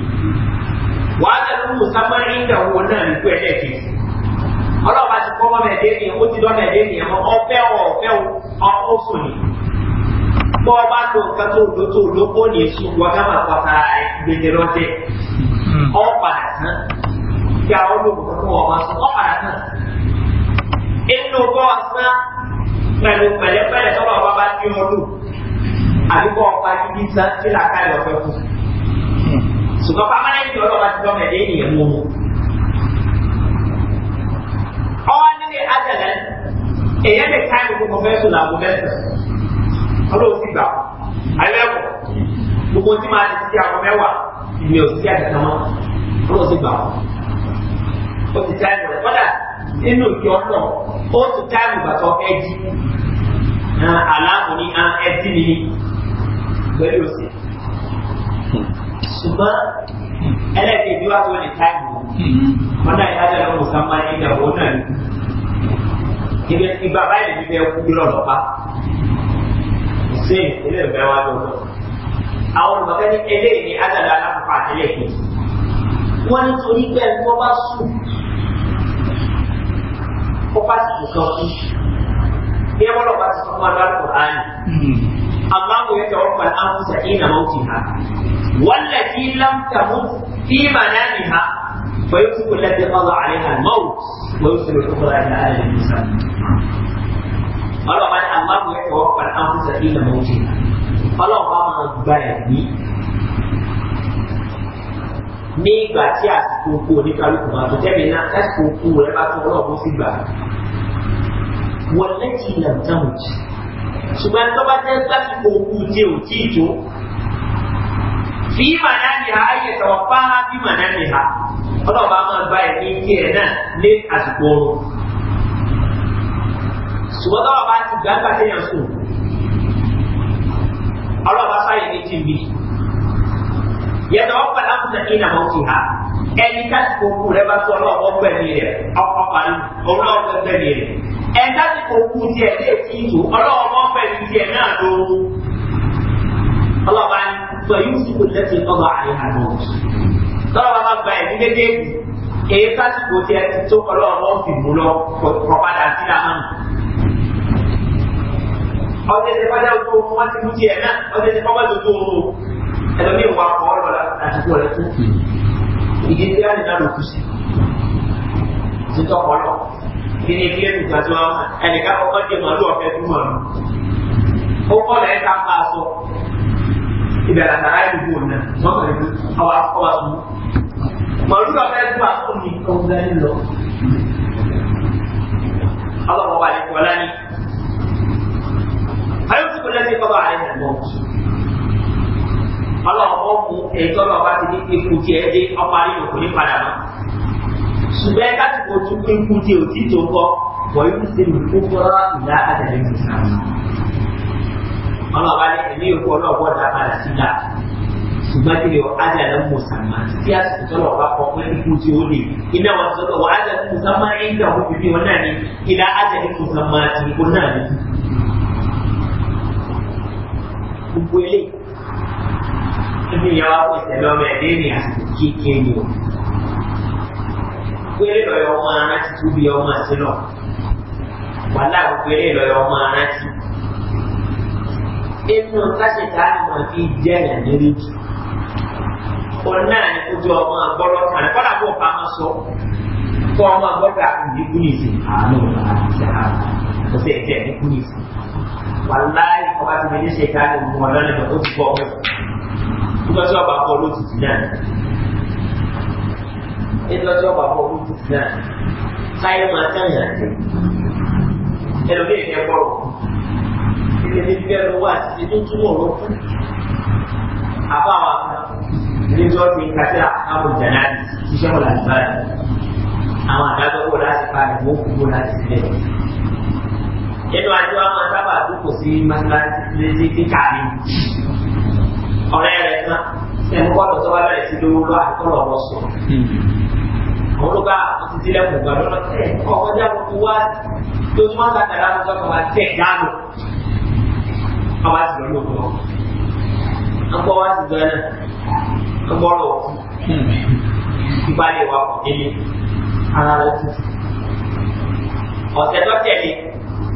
wàhálà ló mú sámárì ń dà ti bọ́ bá tó nǹkan tó lò tó lò ó ní sùn wọ́n máa pa ara rẹ̀ gbèdé lọ́jẹ́ ọ̀ hmm. padà kí àwọn olùkọ́ tó wọ́n máa sùn ọ̀ padà inú bọ́ ọ̀sán pẹ̀lú pẹ̀lẹ́pẹ̀lẹ́ tó bá bá ní ọdún àbíkọ́ ọ̀pá gidi sàn sí làkàlẹ̀ ọ̀fẹ́ fún. ṣùgbọ́n pápánẹ́ẹ̀tì ọlọ́ba ti dọ́mẹ̀ dé ènìyàn mú un. ọwọ́ nílé àtẹ̀lẹ́ èyẹ́ lè ká ìgbòkùn fẹ́ ọlọ́run sì gbà ayé ẹ̀kọ́ gbogbo tí máa ti ti àwọn mẹ́wàá ìgbìyànjú òṣìṣẹ́ àjẹsán mọ́ ọlọ́run sì gbà ó ti tá ẹ̀rọ kọ́dà nínú ìkí ọ̀nà ó ti tá ẹ̀rọ bàtọ́ ẹ̀jì aláàmù ní ẹ̀jì ni pẹ̀lú òsì ṣùgbọ́n ẹlẹ́gbẹ̀ẹ́ wá tó lè tá ẹ̀rọ wọn náà yára lọ́wọ́ sàmà ìdàgbò náà ní ìgbà báyìí ní bẹ́ẹ̀ kú lọ́lọ́pàá. zai ilé ìgbẹ́ wa tó tó àwọn olùmọ̀kẹ́ ní eléyìí ni ádàlá alákòókò àtẹlẹ́kì wọ́n ní torí pé ẹni tó bá sùn ó pàṣípò kan kú bí ẹwọ́n lọ́ba ti fún wa lọ́kọ̀ áyì aláwọ̀ yẹn tẹ̀ wọ́n pa áńfùsà ìnà mọ́tì ha wọ́n lẹ̀ fi lámtàmú fi mànáàmì ha fọ́yọ́sùkú lẹ́tẹ̀ẹ́ fọ́lọ́ àlẹ́ ha mọ́ọ̀t wọ́n sì lè fọ́lọ́ àlẹ́ àlẹ́ ọlọ́run bá ní aláwọ̀ ẹ̀kọ́ pẹ̀lú àwọn tó ṣe ìlànà oúnjẹ ọlọ́run bá máa gba ẹ̀mí ní ìgbà tí àsìkò kú oníkálukú máa tó tẹ́mi náà àsìkò kú rẹ bá tó ọlọ́run sì gbà wọ́n lẹ́tì ìlànà táwọn jì ṣùgbọ́n tó bá jẹ́ lásìkò kú tí ò tí ì tó fi manani ha ayé tọ̀wọ́ fáá fi manani ha ọlọ́run bá máa gba ẹ̀mí tiẹ̀ náà ní àsìkò oorun ṣùgbọ́n táwọn bá ti gbàgbà téèyàn sùn ọlọ́ba sáyẹn ní tìǹbì yẹtọ ọkọ láti sẹ kí nàmọ ti ha ẹni tásìkò kú rẹ bá tó ọlọ́wọ́ gbẹ̀mí rẹ ọkọ pàlú ọlọ́wọ́ gbẹ̀mí rẹ ẹni tásìkò kú tiẹ̀ lé tí tó ọlọ́wọ́ gbẹ̀mí tiẹ̀ náà ló ọlọ́ba ni pẹ̀lú sípò lẹ́sìn ọgbà àríhà ló tọ́lọ́ba bá gba ẹ̀mí méjèèjì èyí tásìkò tiẹ̀ ti tó ọlọ́wọ́ fìmú lọ kọ̀ọ̀padà sí làmánù ọjọ́ ìṣe bá dáwọ́ tó wọn wọ́n ti mú tiẹ̀ náà ọjọ́ ìṣe bá tó tó wọn o ẹlòmíì wà kọ́ ọ̀rọ̀ àdúgbò rẹ̀ tó fi ìdí tí a nìyà ló kù sí títọ́ ọ̀rọ̀ kí ni ilé ìgbà tó wọn ẹnìkan kọ́kọ́ dé màálù ọ̀fẹ́ fún màálù ó kọ́ lẹ́yìn ká pa aṣọ ìbẹ̀rẹ̀ àtàrà ìdìbò náà wọ́n sọ ìdí ọwọ́ akọ́wà tó màálù ọ̀fẹ́ fún àkókò ní ọ̀gbẹ́ni lọ. ọlọ́pàá wà ní kọ́lá ní. الذي قضى علينا الموت ọlọ́run ó mú ètò ọlọ́run bá ti ní ikú tí ẹ dé ọba rí òkú ní padà mọ́ ṣùgbọ́n ẹ̀ka tí kò tún ikú tí ò tí tó kọ́ wọ́n yóò ṣe lùkú fọ́lá ìlà àdàlẹ́ tó sá. ọlọ́run bá ní ẹ̀mí òkú ọlọ́run bọ̀ dá padà síta ṣùgbọ́n kí ni ọ àdàlẹ́ mùsàmá tí a sì tọ́lọ̀ bá kọ́ pé ikú tí ó lè iná wọn sọ́tọ̀ wọ́n àdàlẹ́ mùsàmá gbogbo ilé níbi ìyàwó ìṣẹ̀ lọ́mọ ẹ̀dẹ́ ìrìn àti kéèké ni o gbélé lọ́yọ̀ lọ wàhálà gbélé ara ti inú káṣíta àmọ̀ fi jẹ́ ẹ̀ nílé jù ọ̀nà ìkojú ọmọ agbọ́rọ̀ kan kọ́lá bó pa máa sọ kọ́ ndị agbọ́dọ̀ àkùnrin kúnìsì na àti àánú ọ̀sẹ̀ ìjẹ́ ní wàláì ọba ti fi ní ṣe káàdì mú wọn lọ́nà tó ti bọ̀ wẹ̀. nígbà tí ọba bọ̀ ló ti ti náà nígbà tí ọba bọ̀ ló ti ti náà sáyé máa tẹ̀yìn àti ẹlòmíì fẹ́ bọ̀rọ̀ ilé ní fẹ́ ló wà sí inú túmọ̀ ló kú. àbáwá ní tí wọ́n ti kàtí àwọn ìjànà ìṣiṣẹ́ wọn láti báyìí àwọn àdájọ́ kò láti pa ìwọ́n kúrò láti sílẹ̀ nínú àjọ àwọn sábà dúkò sí mọ́sálásí létí kíkà ni ọ̀rẹ́ rẹ̀ tán ẹ̀mú kọ́tọ̀ tó wá bẹ̀rẹ̀ sí lówó lọ́wọ́ àtọ́rọ̀ ọ̀rọ̀ sọ. àwọn ló bá ti ti lẹ́kùn gbà lọ́nà tẹ̀ ọkọ̀ jẹ́ àwọn tó wá tó tún wá láti ara lọ́wọ́ tó wá tẹ̀ dáàbò ọba sì lọ́nà òkú wọn. ọkọ̀ wá sì gbẹ náà ọkọ̀ ọ̀rọ̀ òkú ìpalẹ̀ wa kò délé ara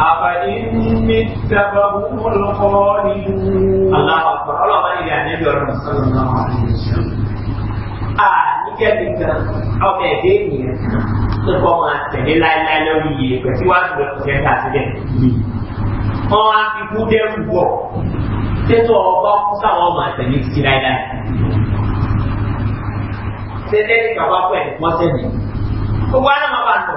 أفإن مت فهم الخالدون الله أكبر الله ما إلى النبي صلى الله عليه وسلم àníkẹ́nìkan ọmọ ẹ̀dẹ́ ènìyàn tó kọ́ máa tẹ̀lé láéláé lórí iye pẹ̀ síwájú rẹ̀ kò jẹ́ta sílẹ̀ yìí. wọ́n á fi kú dẹ́rù bọ̀ tẹ́tọ̀ ọba kú sáwọn máa tẹ̀lé sí láéláé. tẹ́tẹ́ ní kàwá pẹ̀lú mọ́tẹ́nì gbogbo àná máa bá lọ.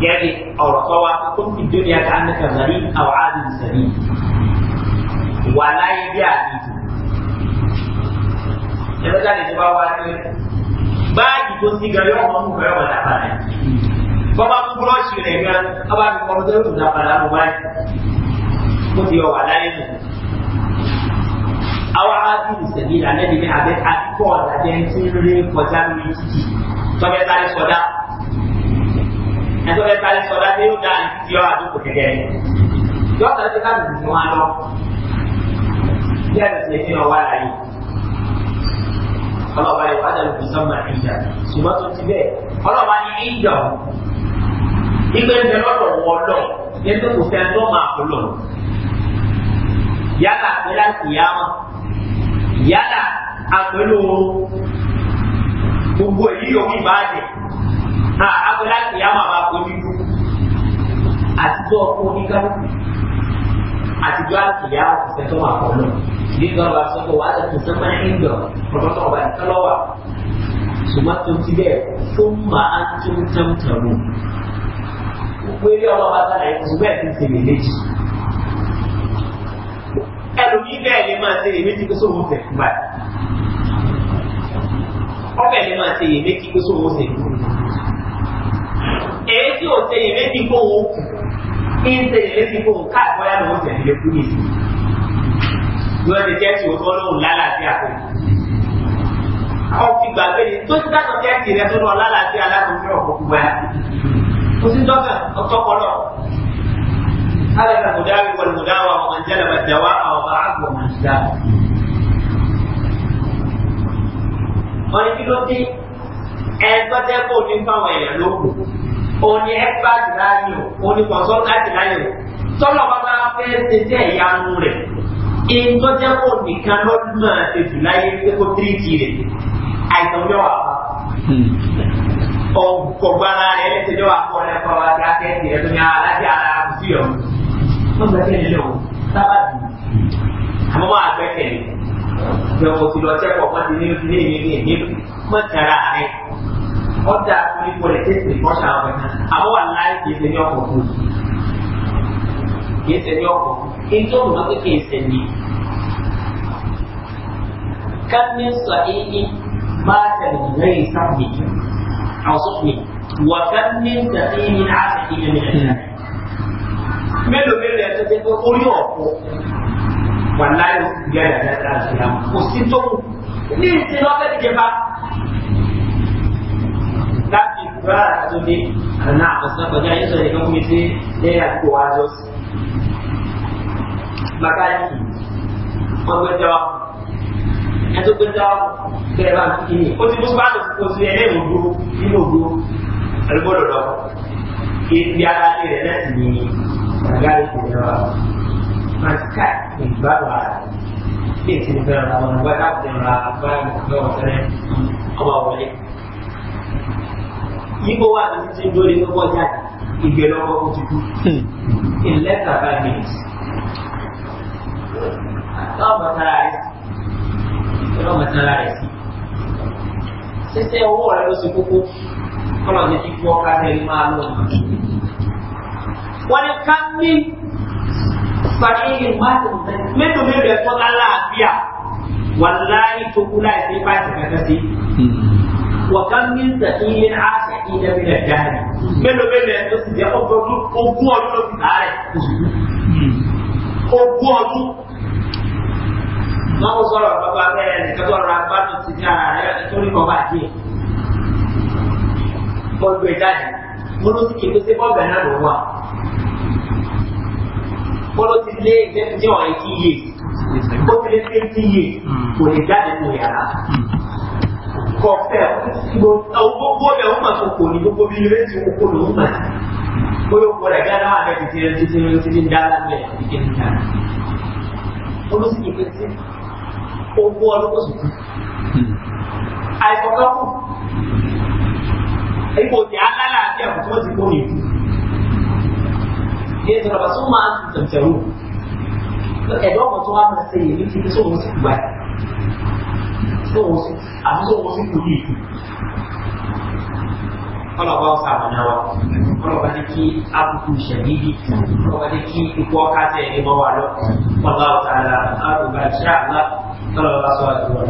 يد أو رقوة كن في الدنيا كأنك غريب أو عابد سبيل ولا يبيع بيته ẹgbẹ́ jáde tó bá wá sí báàgì tó sí gan yóò mọ̀ nǹkan yóò dá padà bọ́bá mú búrọ́ọ̀ṣì rẹ̀ gan ọba mi kọ́ tó yóò dá padà mú báyìí mo ti ọ̀wà láyé nù. àwọn aráàlú ìṣẹ̀lẹ̀ ìlànà ìdílé abẹ́ àdúgbò ọ̀dàdẹ́ tí ń rí kọjá lórí títì tọ́bẹ́ sáré sọdá nítorí kálí sọlá tí yóò dá ní yọ àdúgbò gẹ́gẹ́ ni yọ sọ ti ká lù ní wọn lọ bí a lè ṣe fi hàn wá láàyè ọlọ́ba yìí wájà lè fi sọ́mà ìjà ṣùgbọ́n tó ti bẹ́ẹ̀ ọlọ́ba ní ìjà o ìgbẹ́ ń bẹ lọ́dọ̀ wọ lọ yẹn tó kò sẹ́ tó máa kó lọ yálà àgbélà kìyàmọ yálà àgbélò gbogbo èyí yòówù ìbáàdì àgbẹ̀ láti yá máa bá fojú dùn àtijọ́ ọkọ̀ oníkálukú àtijọ́ àtìyá ọ̀sẹ̀ tó máa kọ̀ náà bí gbọ́dọ̀ sọ́kọ̀ wà á tẹ̀sán máa ń dọ̀ ọ̀dọ́tọ̀ ọ̀bà ìtọ́lọ́wà ṣùgbọ́n tó ti bẹ́ẹ̀ fún màá tó ń tẹ̀ ń tẹ̀ mú wéyí ọlọ́ba sára ẹ̀ ṣùgbọ́n ẹ̀ ti ṣèlè méjì. ẹlòmí bẹ́ẹ̀ ni máa ṣèlè méjì kó sóhun ṣe fún báyìí. ọbẹ̀ ni máa ṣèlè méjì kó sóhun ṣe fún èyí tí ò ṣe ìrètí kó o kí ń ṣe ìrètí kó o káàkiri ọ̀yà lòún ṣẹ̀lẹ̀ lè kú nìyí. Ìwọ́n ti jẹ́ tòótọ́ lóhùn lálàáfíà kò. Ọ̀fi gbàgbé ni tó ti dáná jẹ́ tìrẹ tó lọ lálàáfíà alákòókò ọ̀pọ̀ gbogbo ẹ̀. Kò sí dọ́kà ọ̀tọ́kọ náà. Alẹ́ ka mùdáwí wọ̀lù mùdáwà ọmọ ìjẹ́lẹ̀ bàjẹ́wà ọ̀bà àgbọ̀ màá ṣá. Wọ́n ní kí ló dé ẹgbẹ́dẹ́gbò ní fáwọn oni expert láàyè o oni consultant láàyè o tọ́lọ̀ bàbá fẹ́ ṣiṣẹ́ ìyanu rẹ̀ ìtọ́jẹ́ kò nìkan lọ́dún náà ṣe jù láyé pé kó tírìtì rẹ̀ àìsàn yọ wà fà. ọ̀gbọ̀gbọ̀n ara rẹ̀ ẹ̀ṣẹ̀ yọ wà fọ́ ọ̀rẹ́ fọ́ wa ká kẹ́sì rẹ̀ tó ní alájà ara kò sí ọ̀. wọ́n gbà kẹ́lẹ́ lọ sábàbí àmọ́ wọn àgbẹ̀kẹ̀lẹ̀ yọ̀wọ̀ sí lọ sẹ́kọ̀ọ́ mọ́tì ní ní ní ní mọ́tì ara rẹ̀ ọ̀dà ipò rẹ̀ tẹ̀sí ìkọ́ṣà ọ̀gbìn náà àwọn wà láì kì í ṣe ní ọkọ̀ fún kì í ṣe ní ọkọ̀ fún tó mú lọ́pẹ́ kì í ṣe ní. kámi sọ èyí máa tẹ̀lé lẹ́yìn sáàmì àwòsókè wà kámi tẹ̀lé ní àṣà ìyẹn ní ẹ̀ṣẹ̀. mélòó mélòó ẹ̀ tó ṣe pé orí ọ̀pọ̀ wà láì da ẹ̀ láti ṣe àwọn kò sí tó mú ní ìsinmi ọ̀fẹ́ ìjẹba bara atunde ana asna baja yeso ne kan kuma sai da ya ko wajo makaki ọgbẹ jọ ẹtọ gbẹ jọ bẹẹ bá mi kini o ti bó bá lọ kó sí ẹlẹ́ ìwò dúró nínú òdo ẹlẹ́gbọ́dọ̀ lọ ibi ara ti rẹ̀ náà sì ní ọ̀gá ìṣẹ̀lẹ̀ lọ màtíkà ìgbàlọ́ ara bí èsì ní fẹ́ràn àwọn ọgbà láti ra báyìí lọ́wọ́ sẹ́lẹ̀ ọmọ wọlé yíbo wà níbi tí ń dóni ní kọjá ìgbẹ́lọ́wọ́ ó ti kú hmm. in less than five minutes. lọ́ọ̀mọ̀ tara rẹ̀ sí lọ́ọ̀mọ̀ tara rẹ̀ sí. sísẹ́ owó rẹ̀ ló ṣe kókó kọ́lọ̀ ní kíkú ọ̀ká tẹ̀lé máa lọ́ọ̀mọ̀. wọ́n ní ká ní sàkéyìn máa tẹ̀lé mẹ́tò mẹ́rin ẹ̀fọ́ lálàáfíà wàláyé tó kú láì sí bá ìṣẹ̀kẹ́kẹ́ sí. Hmm. وكم من سكين عاش حين من الدهر mélòó mélòó ẹ̀ ló sì jẹ́ ọgbọ̀dún ogún ọdún ló fi ààrẹ ogún ọdún wọ́n kó sọ̀rọ̀ bàbá bẹ́ẹ̀ nìkan tó rọra bá tó ti ní ara rẹ̀ tó ní kọ́ bá díẹ̀ bọ́ọ̀lù ẹ̀ jáde mo ló sì kí pé sí bọ́ọ̀lù ẹ̀ náà ló wà mo ti lé ìjẹ́ ìjẹ́ ọ̀rẹ́ kí yé ó ti lé twenty years kò lè jáde kò yàrá kọfẹ́ gbogbo bẹ̀ ń mà kòkò ní gbogbo bí ilé tí kòkò ló ń mà bóyá òkú rẹ̀ gáàdá wà lẹ́yìn tí ti ti ti ti o dá lábẹ́ ìdíje níta olùsìnkì pèsè owó ọlọ́wọ́ sùn àìsàn kan kù ipò tí alára àti àkókò ti kó nìyí ní ètò ìrọ̀lẹ́ tó máa ń tẹ̀tẹ̀rù ẹ̀dọ́ ọ̀pọ̀ tó wà máa ṣe èyí tí kí sóhun sì gbà sóhun àti sóhun sí kù yìí ọlọ́ba ọ̀sà àmàna ní kí akùkù ìṣẹ̀lídì ọlọ́ba ní kí ikú ọ̀ká tẹ̀ ní mọ́ wa lọ ọlọ́ba ọ̀sà àlùbà ìṣẹ́ àlá ọlọ́ba sọ àdúgbò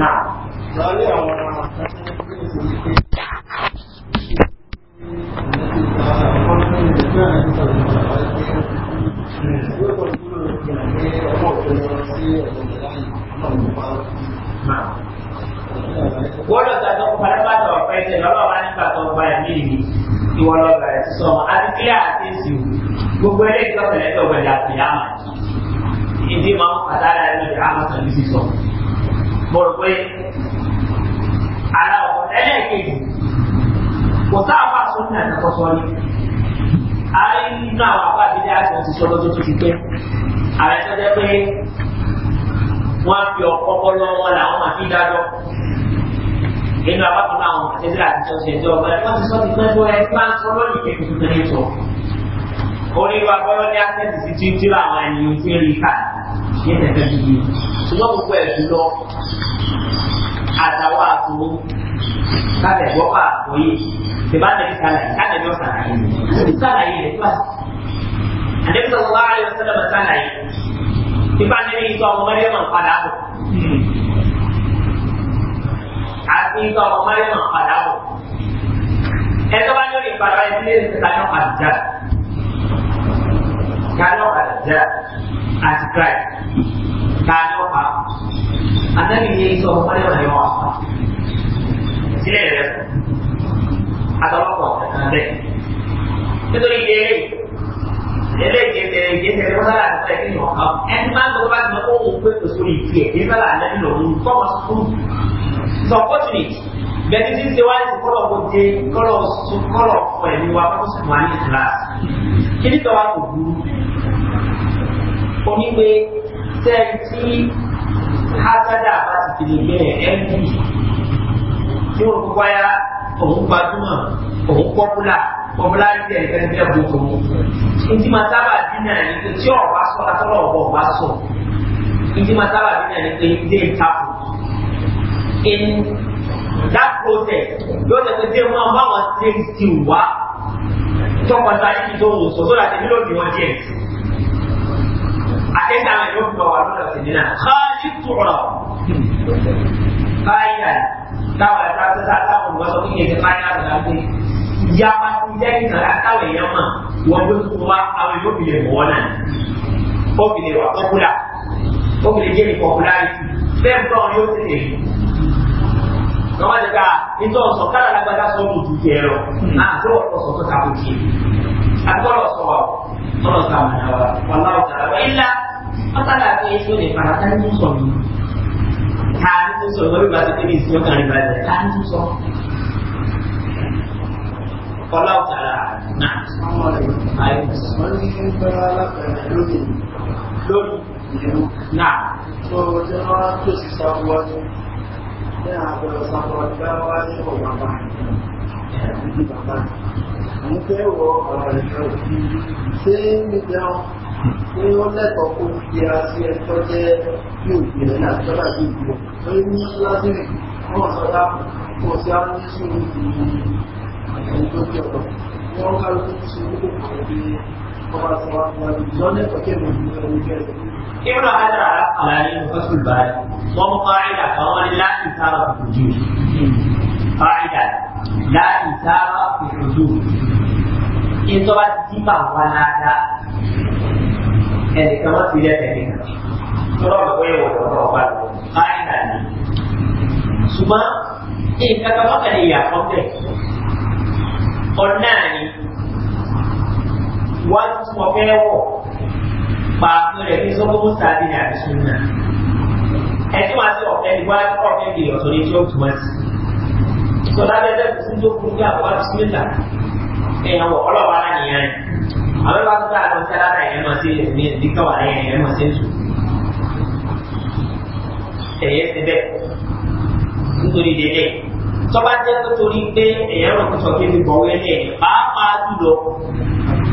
náà. Ìgbàlẹ́ àwọn ọmọ akẹ́kọ̀ọ́ ń gbé ìwé pé wọ́n lọ sọ àtọ́kùn padà bá tọ̀ ọ̀pẹ́ tẹ̀ lọ́wọ́ wa nípa tó ń báyà ní ìlú ìwọ lọ bẹ̀rẹ̀ sísọ ọmọ àti kílẹ̀ àti èsì gbogbo eléyìí tó tẹ̀lé tó gbẹ̀dẹ̀ àti àmà ìdí máa ń padà láti ìdí àmà tẹ̀lé sísọ mo rò pé aláwọ̀ ẹlẹ́ẹ̀kejì kò sáà bá sọ́nà àtàkọ́sọ́ ni ààrẹ nínú àwọn àbájáde àti ọ̀sìn sọ́dọ̀ tó ti pẹ́ ààrẹ tó jẹ́ pé wọ́n á fi ọ̀pọ̀ bọ́lọ́ wọn làwọn máa fi dájọ́ nínú abákan náà àwọn àtẹ́sílẹ̀ àti ìjọsìn ẹ̀jọ́ ọ̀gá ẹ̀ wọ́n ti sọ ti pẹ́ tó ẹ bá ń sọ lónìí kí tuntun ní sọ orí wa bọ́lọ́ ní àtẹ́sì sí títí làwọn ènìyàn fi ń rí káàdì ní ẹ̀fẹ́ gidi ṣùgbọ́n gbogbo ẹ̀ ti lọ àtàwọn àtòwò kálẹ̀ gbọ́ pa àgbọ̀yé tìbá tẹ̀lé kálẹ̀ kálẹ̀ yọ sàlàyé sàlàyé rẹ̀ tó àti. àdébí sọ̀rọ̀ wá ayọ̀ sọ́dọ̀ mọ̀ sàlàyé tìbá tẹ̀lé ìtọ́ ọmọ mẹ́rin mọ̀ padà bọ̀ àti ìtọ́ ọmọ mẹ́rin mọ̀ padà bọ̀ ẹ̀ tó bá yọ ìpadà ẹ̀ sílé ìtàkùn àdìjà kalo alaja àti christ kalo ha anabi yìí sọ fún mọ́lẹ́wà ni wọ́n wà sílẹ̀ rẹ̀ sọ àtọ́lọ́pọ̀ kankan bẹ́ẹ̀ nítorí ìdí eléyìí eléyìí kẹsẹ̀rẹ̀ kẹsẹ̀rẹ̀ wọ́n sára àti sẹ́yìn ní ọ̀kan ẹni máa ń lọ bá ti mọ kó òun pé kò sórí ìdí ẹ̀ ní sára àti sẹ́yìn lòun tọ́mọ̀ sùn opportunity bẹẹni tí ń ṣe wáyé kọlọ kó dé kọlọ sùn kọlọ pẹlú wa kó sì wá ní kíláàsì kí ni tọ́wá kò burú omi pé sẹ́ẹ̀ tí hásádà bá ti fi lè bẹ́ẹ̀ md tí wọ́n kó wáyà òun gbajúmọ̀ òun pọ́pùlà pọ́pùlà ń tẹ̀ ẹ̀ẹ́dẹ́gbẹ́ gbogbo ntí ma sábà dínà ní pé tí ọ̀bá sọ atọ́lọ̀ ọ̀bọ̀ ọ̀bá sọ ntí ma sábà dínà ní pé dé ìtakùn that process yóò tẹ̀sí pé máa bá wọn ṣe ti wá tọkọtaya yìí tó wò sọ sódà tèmi ló di wọn díẹ̀. Akẹ́kọ̀ọ́ àwọn yóò fi wà lọ́dọ̀ sí nínú káàdì tùrọ̀. Báyà táwọn ẹ̀ka tó sá táwọn ọmọ sọ kékeré báyà lọ́dọ̀ àti yaba ti jẹ́ kí nàrà táwọn èèyàn mọ̀ wọ́n ló tún wá àwọn yóò fi lè mọ̀ wọ́n náà. Ó fi lè wà pọ́pùlà. Ó fi lè jẹ́ ìpọ̀pùlà yìí. Bẹ́ẹ̀ bá wọn yóò tètè lọ́wọ́ ti ká nítorí ọ̀sọ̀ kára lágbádá sọ ní ìdí tiẹ̀ lọ àti hmm. ọ̀sọ̀ ah, tó takò tiẹ̀ àgbọ̀rọ̀ sọ ọ̀rọ̀ sọ àmàlà wa wàlá ọ̀tà rẹ̀ ilá ọ̀tàlà àti èso lè fara tá ní sọ mi ká ní sọ lórí bá ti kéde ìsìn ọkàn rẹ̀ ká ní sọ. Wàlá ọ̀tà rẹ̀ náà. Wọ́n ní kí n bá alákàtà lónìí. Lónìí. Náà. Sọ ọjọ́ máa ń tòṣì sáwọ́ Àwọn fẹ́ wọ ọ̀rọ̀ ìṣòro ṣé nígbà tí ó lẹ́kọ̀ọ́ kó fi ara sí ẹjọ́ jẹ́ bí òkèèrè náà jọ́lá bí ìgbò. Ó ní lásìrì wọ́n sọ́dá kò sí á ní sùúrù ìgbìyànjú tó jẹ́ ọ̀rọ̀. Wọ́n kálukú sí orúkọ ọ̀rọ̀ bí ابن حجر على فتح الباري وهم قاعدة فهو لا إنكار في الحدود قاعدة لا إنكار في الحدود إن تبتم ولا لا يعني كما في ذلك ترى بقوية وترى قاعدة ثم إن كما قد يقوم به قلنا wá tí wọ́n fẹ́ wọ̀ pàápàá rẹ̀ ní sọ́kòtò sáàdì ní àdìsún náà ẹni wá sí ọ̀fẹ́ ni wọ́n á kọ́ ọ̀fẹ́ kiri ọ̀sán ní tí ó tún wá sí. sọlá bẹ́ẹ̀ bẹ́ẹ̀ kò sí tó kún ní àwọn àdìsúnlá ẹ̀yàn wọ̀ ọlọ́wọ́ ara nìyẹn àwọn bá tún dáadọ́ sí alára ẹ̀yẹn máa ṣe ní ìdíkàwá ẹ̀yẹn máa ṣe tù. ẹ̀yẹ ti bẹ́ẹ̀ nítorí dédé tọ́ba jẹ́ nítorí pé ẹ̀yẹn rọ̀ kó sọ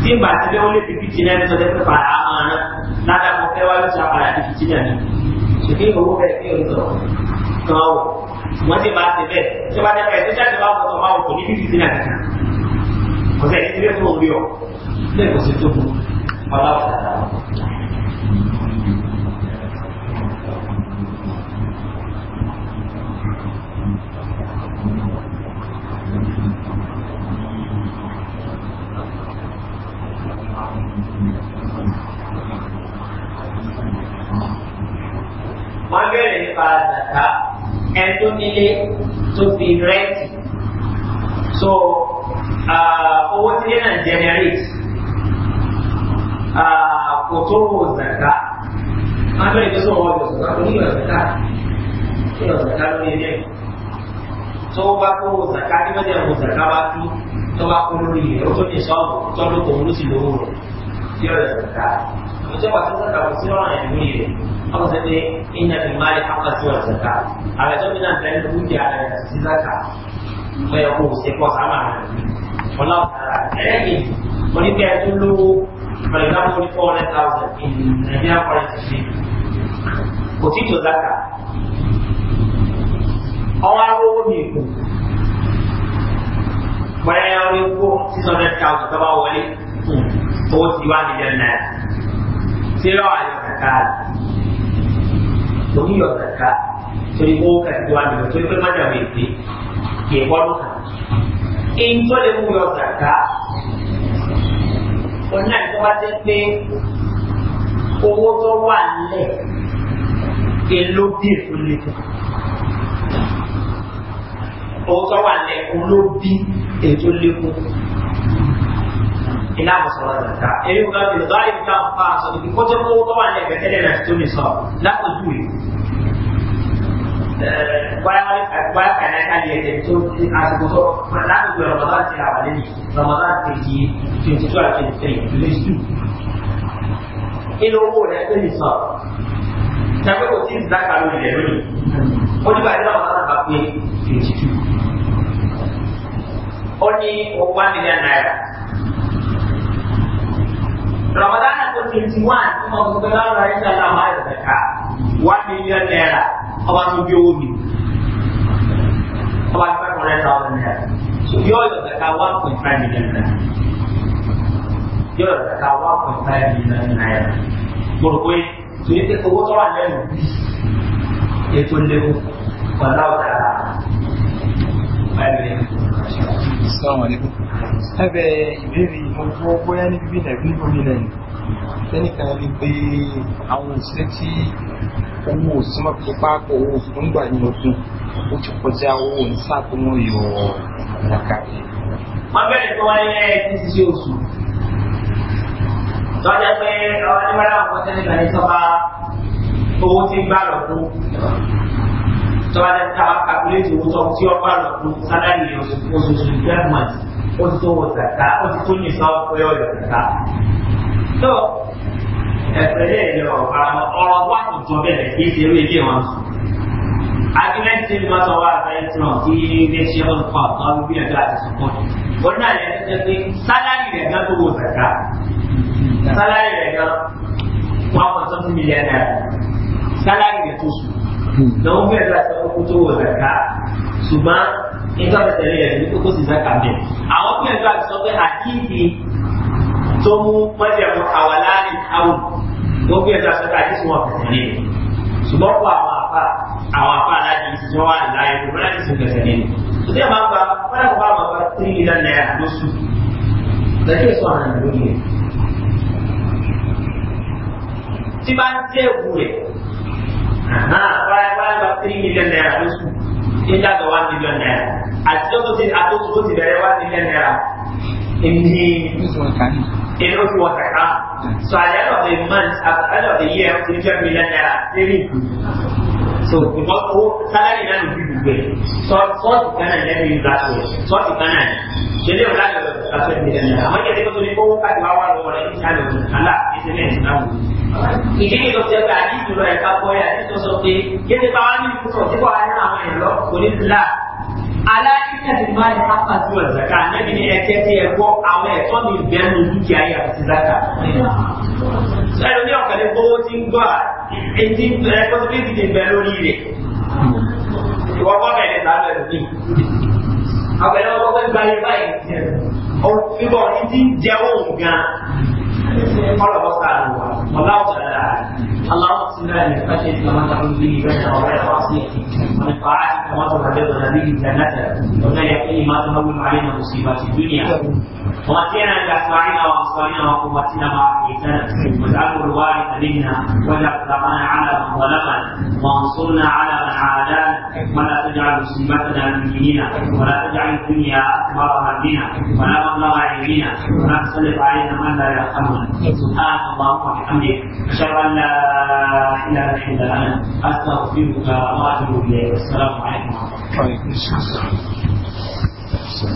tí n bá ti bẹ́ẹ̀ wọlé fífi tì náà ní sọ́dẹ́ pé fàrà á máa ná ládà mọ́ fẹ́ wá lóṣù àpàrà fífi tì náà ní. ṣùgbọ́n owó bẹ̀rẹ̀ sí òun sọ̀rọ̀ kan o wọ́n ti máa ṣe bẹ́ẹ̀ tí wọ́n bá dẹ́pẹ́ tó ṣáà ti bá wọ́n sọ máa wọ̀ kò ní fífi tì náà kankan. kò sẹ́ni tí bẹ́ẹ̀ tó ń rí ọ bẹ́ẹ̀ kò sí tó bu ọlọ́ọ̀tà wọ́n bẹ̀rẹ̀ nípa zaka ẹni tó nílé tó fi rẹ́ǹtì so owó tí yẹn náà generate kò tó wò zaka wọ́n bẹ̀rẹ̀ tó sọ̀rọ̀ ọ̀dọ̀ zaka kò ní ìwà zaka kí ìwà zaka lórí ilé tó bá kó wò zaka kí wọ́n jẹ́ wò zaka wá sí tó bá kó lórí ilé ó tó ní sọ́ọ̀bù tó ló kò ń lù do? lówó rẹ̀ kí ìwà zaka ó jẹ́ wà sí zaka kò sí ọ̀ràn ẹ̀ lórí rẹ̀ haka sai dai inna bil mali haqqa siwa zakka a ga jami'in nan da dukiya da sai zakka bai ya ko sai ko sama wallahu ta'ala eh wani ke tulu for example ni 400000 in Nigeria currency kò tí tó zakka ọwọ́ arówó mi kù bọ́yá orí kó 600,000 tó bá wọlé owó ti wá nílẹ̀ náà tí lọ́wọ́ àyè kàkà rẹ̀ torí ọ̀kàkà torí owó kàdúrà nìkan torí pé mọ́nà rẹ̀ pé kì í bọ́lú kan. èyí tó lè mú ọ̀kàkà òun náà tó wá jẹ́ pé owó tó wà nílẹ̀ èló bí èso lè tó. owó tó wà nílẹ̀ òun ló bí èso lè kó ina musawaranta eyi nga ti zaayi ta fa so ibi kote ko to wa ne be tele na to ni so la ko duri wala wala kana ka ye de to a ko so la ko ramadan ti la wale ni ramadan ti ji 22 a 23 le su ilo wo ne to ni so ta ko ko ti zaka lo ni le lo ni o ni ba ni ramadan one million naira 21 kuma ku ga lara insha Allah ma da zakka 1 million naira aba sun biyo wuri aba ba ko da tsawon naira so yo da zakka 1.5 million naira yo da zakka 1.5 million naira mo ro pé so ni te owó tó wà lẹ́nu ètò léwu wàlá ọ̀dà Assalamu alaikum. Ẹbẹ̀ ìbéèrè ìmọ̀ fún ọgbọ́yá ní bíbí Nàìjíríà ní gómìnà ni tẹ́nìkan rí pé àwọn òṣìṣẹ́ tí owó òsínmọ́ fi pápọ̀ owó òsùn gbà ní ọdún ó ti kọjá owó nísà tó wọ́n yọ àdàkàrí. wọ́n bẹ̀rẹ̀ tó wáyé ẹ̀ẹ́dì sí oṣù lọ́jọ́ pé ọwọ́ ní mẹ́rà àwọn tẹ́nìkan ní sọ́ba owó tí gbà lọ́dún tọ́ba ní ká kàkúlẹ́tì owó tó tí ó gbà lọ́dún sálárì oṣooṣù twelve months ó ti tó wọ So, tó ẹ̀pẹ̀lẹ̀ ẹ̀yọ ọ̀rọ̀ ọ̀rọ̀ wà tuntun bẹ̀rẹ̀ kí ṣe eré ilé wọn sùn. Agímẹ́ntì ni wọ́n sọ wá àgbẹ̀yẹ̀tì náà kí iléeṣẹ́ ọlọ́pàá ọ̀tọ́ ń gbìyànjú àti sùpọ̀. Òun náà yẹ kí pé sálárì rẹ̀ gan tó wò sàkà. Sálárì rẹ̀ gan one point something million naira. Sálárì rẹ̀ tó sùn. Lọ́wọ́ gbìyànjú àti ọkọ̀ tó wò sàkà. Ṣùgbọ́n nígbà tẹ̀lé rẹ̀ ní kókó sì sàkà bẹ̀. Àwọn gbìyànjú àti sọ pé àkíyèsí tó mú mọ́jẹ̀mú àwàlá ní àwọn gbogbo ẹ̀dá sọ́kà tí wọ́n fẹ̀sẹ̀ ní ṣùgbọ́n kó àwọn àfà àwọn àfà aláàjì tí wọ́n wà láàyè tó bọ́lá ti sùn fẹ̀sẹ̀ ní. ṣùgbọ́n ẹ̀ máa ń gba wọ́n kọ́ àwọn àfà tí ìlà náírà lóṣù lẹ́kẹ̀ sọ àwọn ìlú yẹn. tí bá ń jẹ́ ewu rẹ̀ wọ́n gba three million naira lóṣù nígbà tó one million naira àtijọ́ tó ti àtúntò tó ti bẹ̀rẹ̀ one million naira. Èmi ni in oṣù wọ̀ta ká so at the end of the month at the end of the year ó ti ní twelve million naira saving so because owó salary náà ló fi gbogbo ẹ̀ sọ sọ́ọ̀tì kan náà lẹ́nu yìí láti rẹ̀ sọ́ọ̀tì kan náà ṣẹlẹ̀ wọn láti rẹ̀ ká twelve million naira àmọ́ ìjẹ́sẹ̀ tó ní kó wọ́n káàdì wá wà lọ́wọ́ rẹ̀ ní sáré òun àlá ìṣẹ́ náà ti náà wò. ìdí ni dọ́kítà pé àdìsí lọ ẹ̀ka kọ́ ẹ̀ àdìsí sọ pé kí aláìkẹ́sì máa ń pápá sí ọ̀rẹ́ zaka anábì ní ẹ̀kẹ́ tí ẹ gbọ́ àwọn ẹ̀tọ́ mi bẹ́ẹ̀ ní dúkìá yà sí zaka. ẹnu ní ọ̀kẹ́lẹ́ gbowó ti ń gbọ́ etí ẹ̀kọ́síbíìsì ti bẹ lórí rẹ̀ ìwọ bọ́ bẹ̀rẹ̀ sábẹ̀ lórí. àgbẹ̀rẹ̀ ọkọ̀ pé gbayé báyìí fíbọ̀ ní ti ń jẹ́ òun gan-an ọlọ́bọ̀ sáà lù wá ọ̀lá ọ̀sán اللهم اقسم لنا من خشيتك ما به بيننا وبين معصيتك ومن طاعتك ما تبلغنا به جنتك ومن ما تهون علينا مصيبات الدنيا ومتعنا باسماعنا وابصارنا وقوتنا ما احييتنا واجعله الوارث منا واجعل ثقنا على من ظلمنا وانصرنا على من ولا تجعل مصيبتنا في ولا تجعل الدنيا اكبر همنا ولا مبلغ علمنا ولا تسلط علينا من لا يرحمنا سبحانك اللهم وبحمدك اشهد ان لا إلى حين الآن أستغفرك وأتوب إليك والسلام عليكم ورحمة الله وبركاته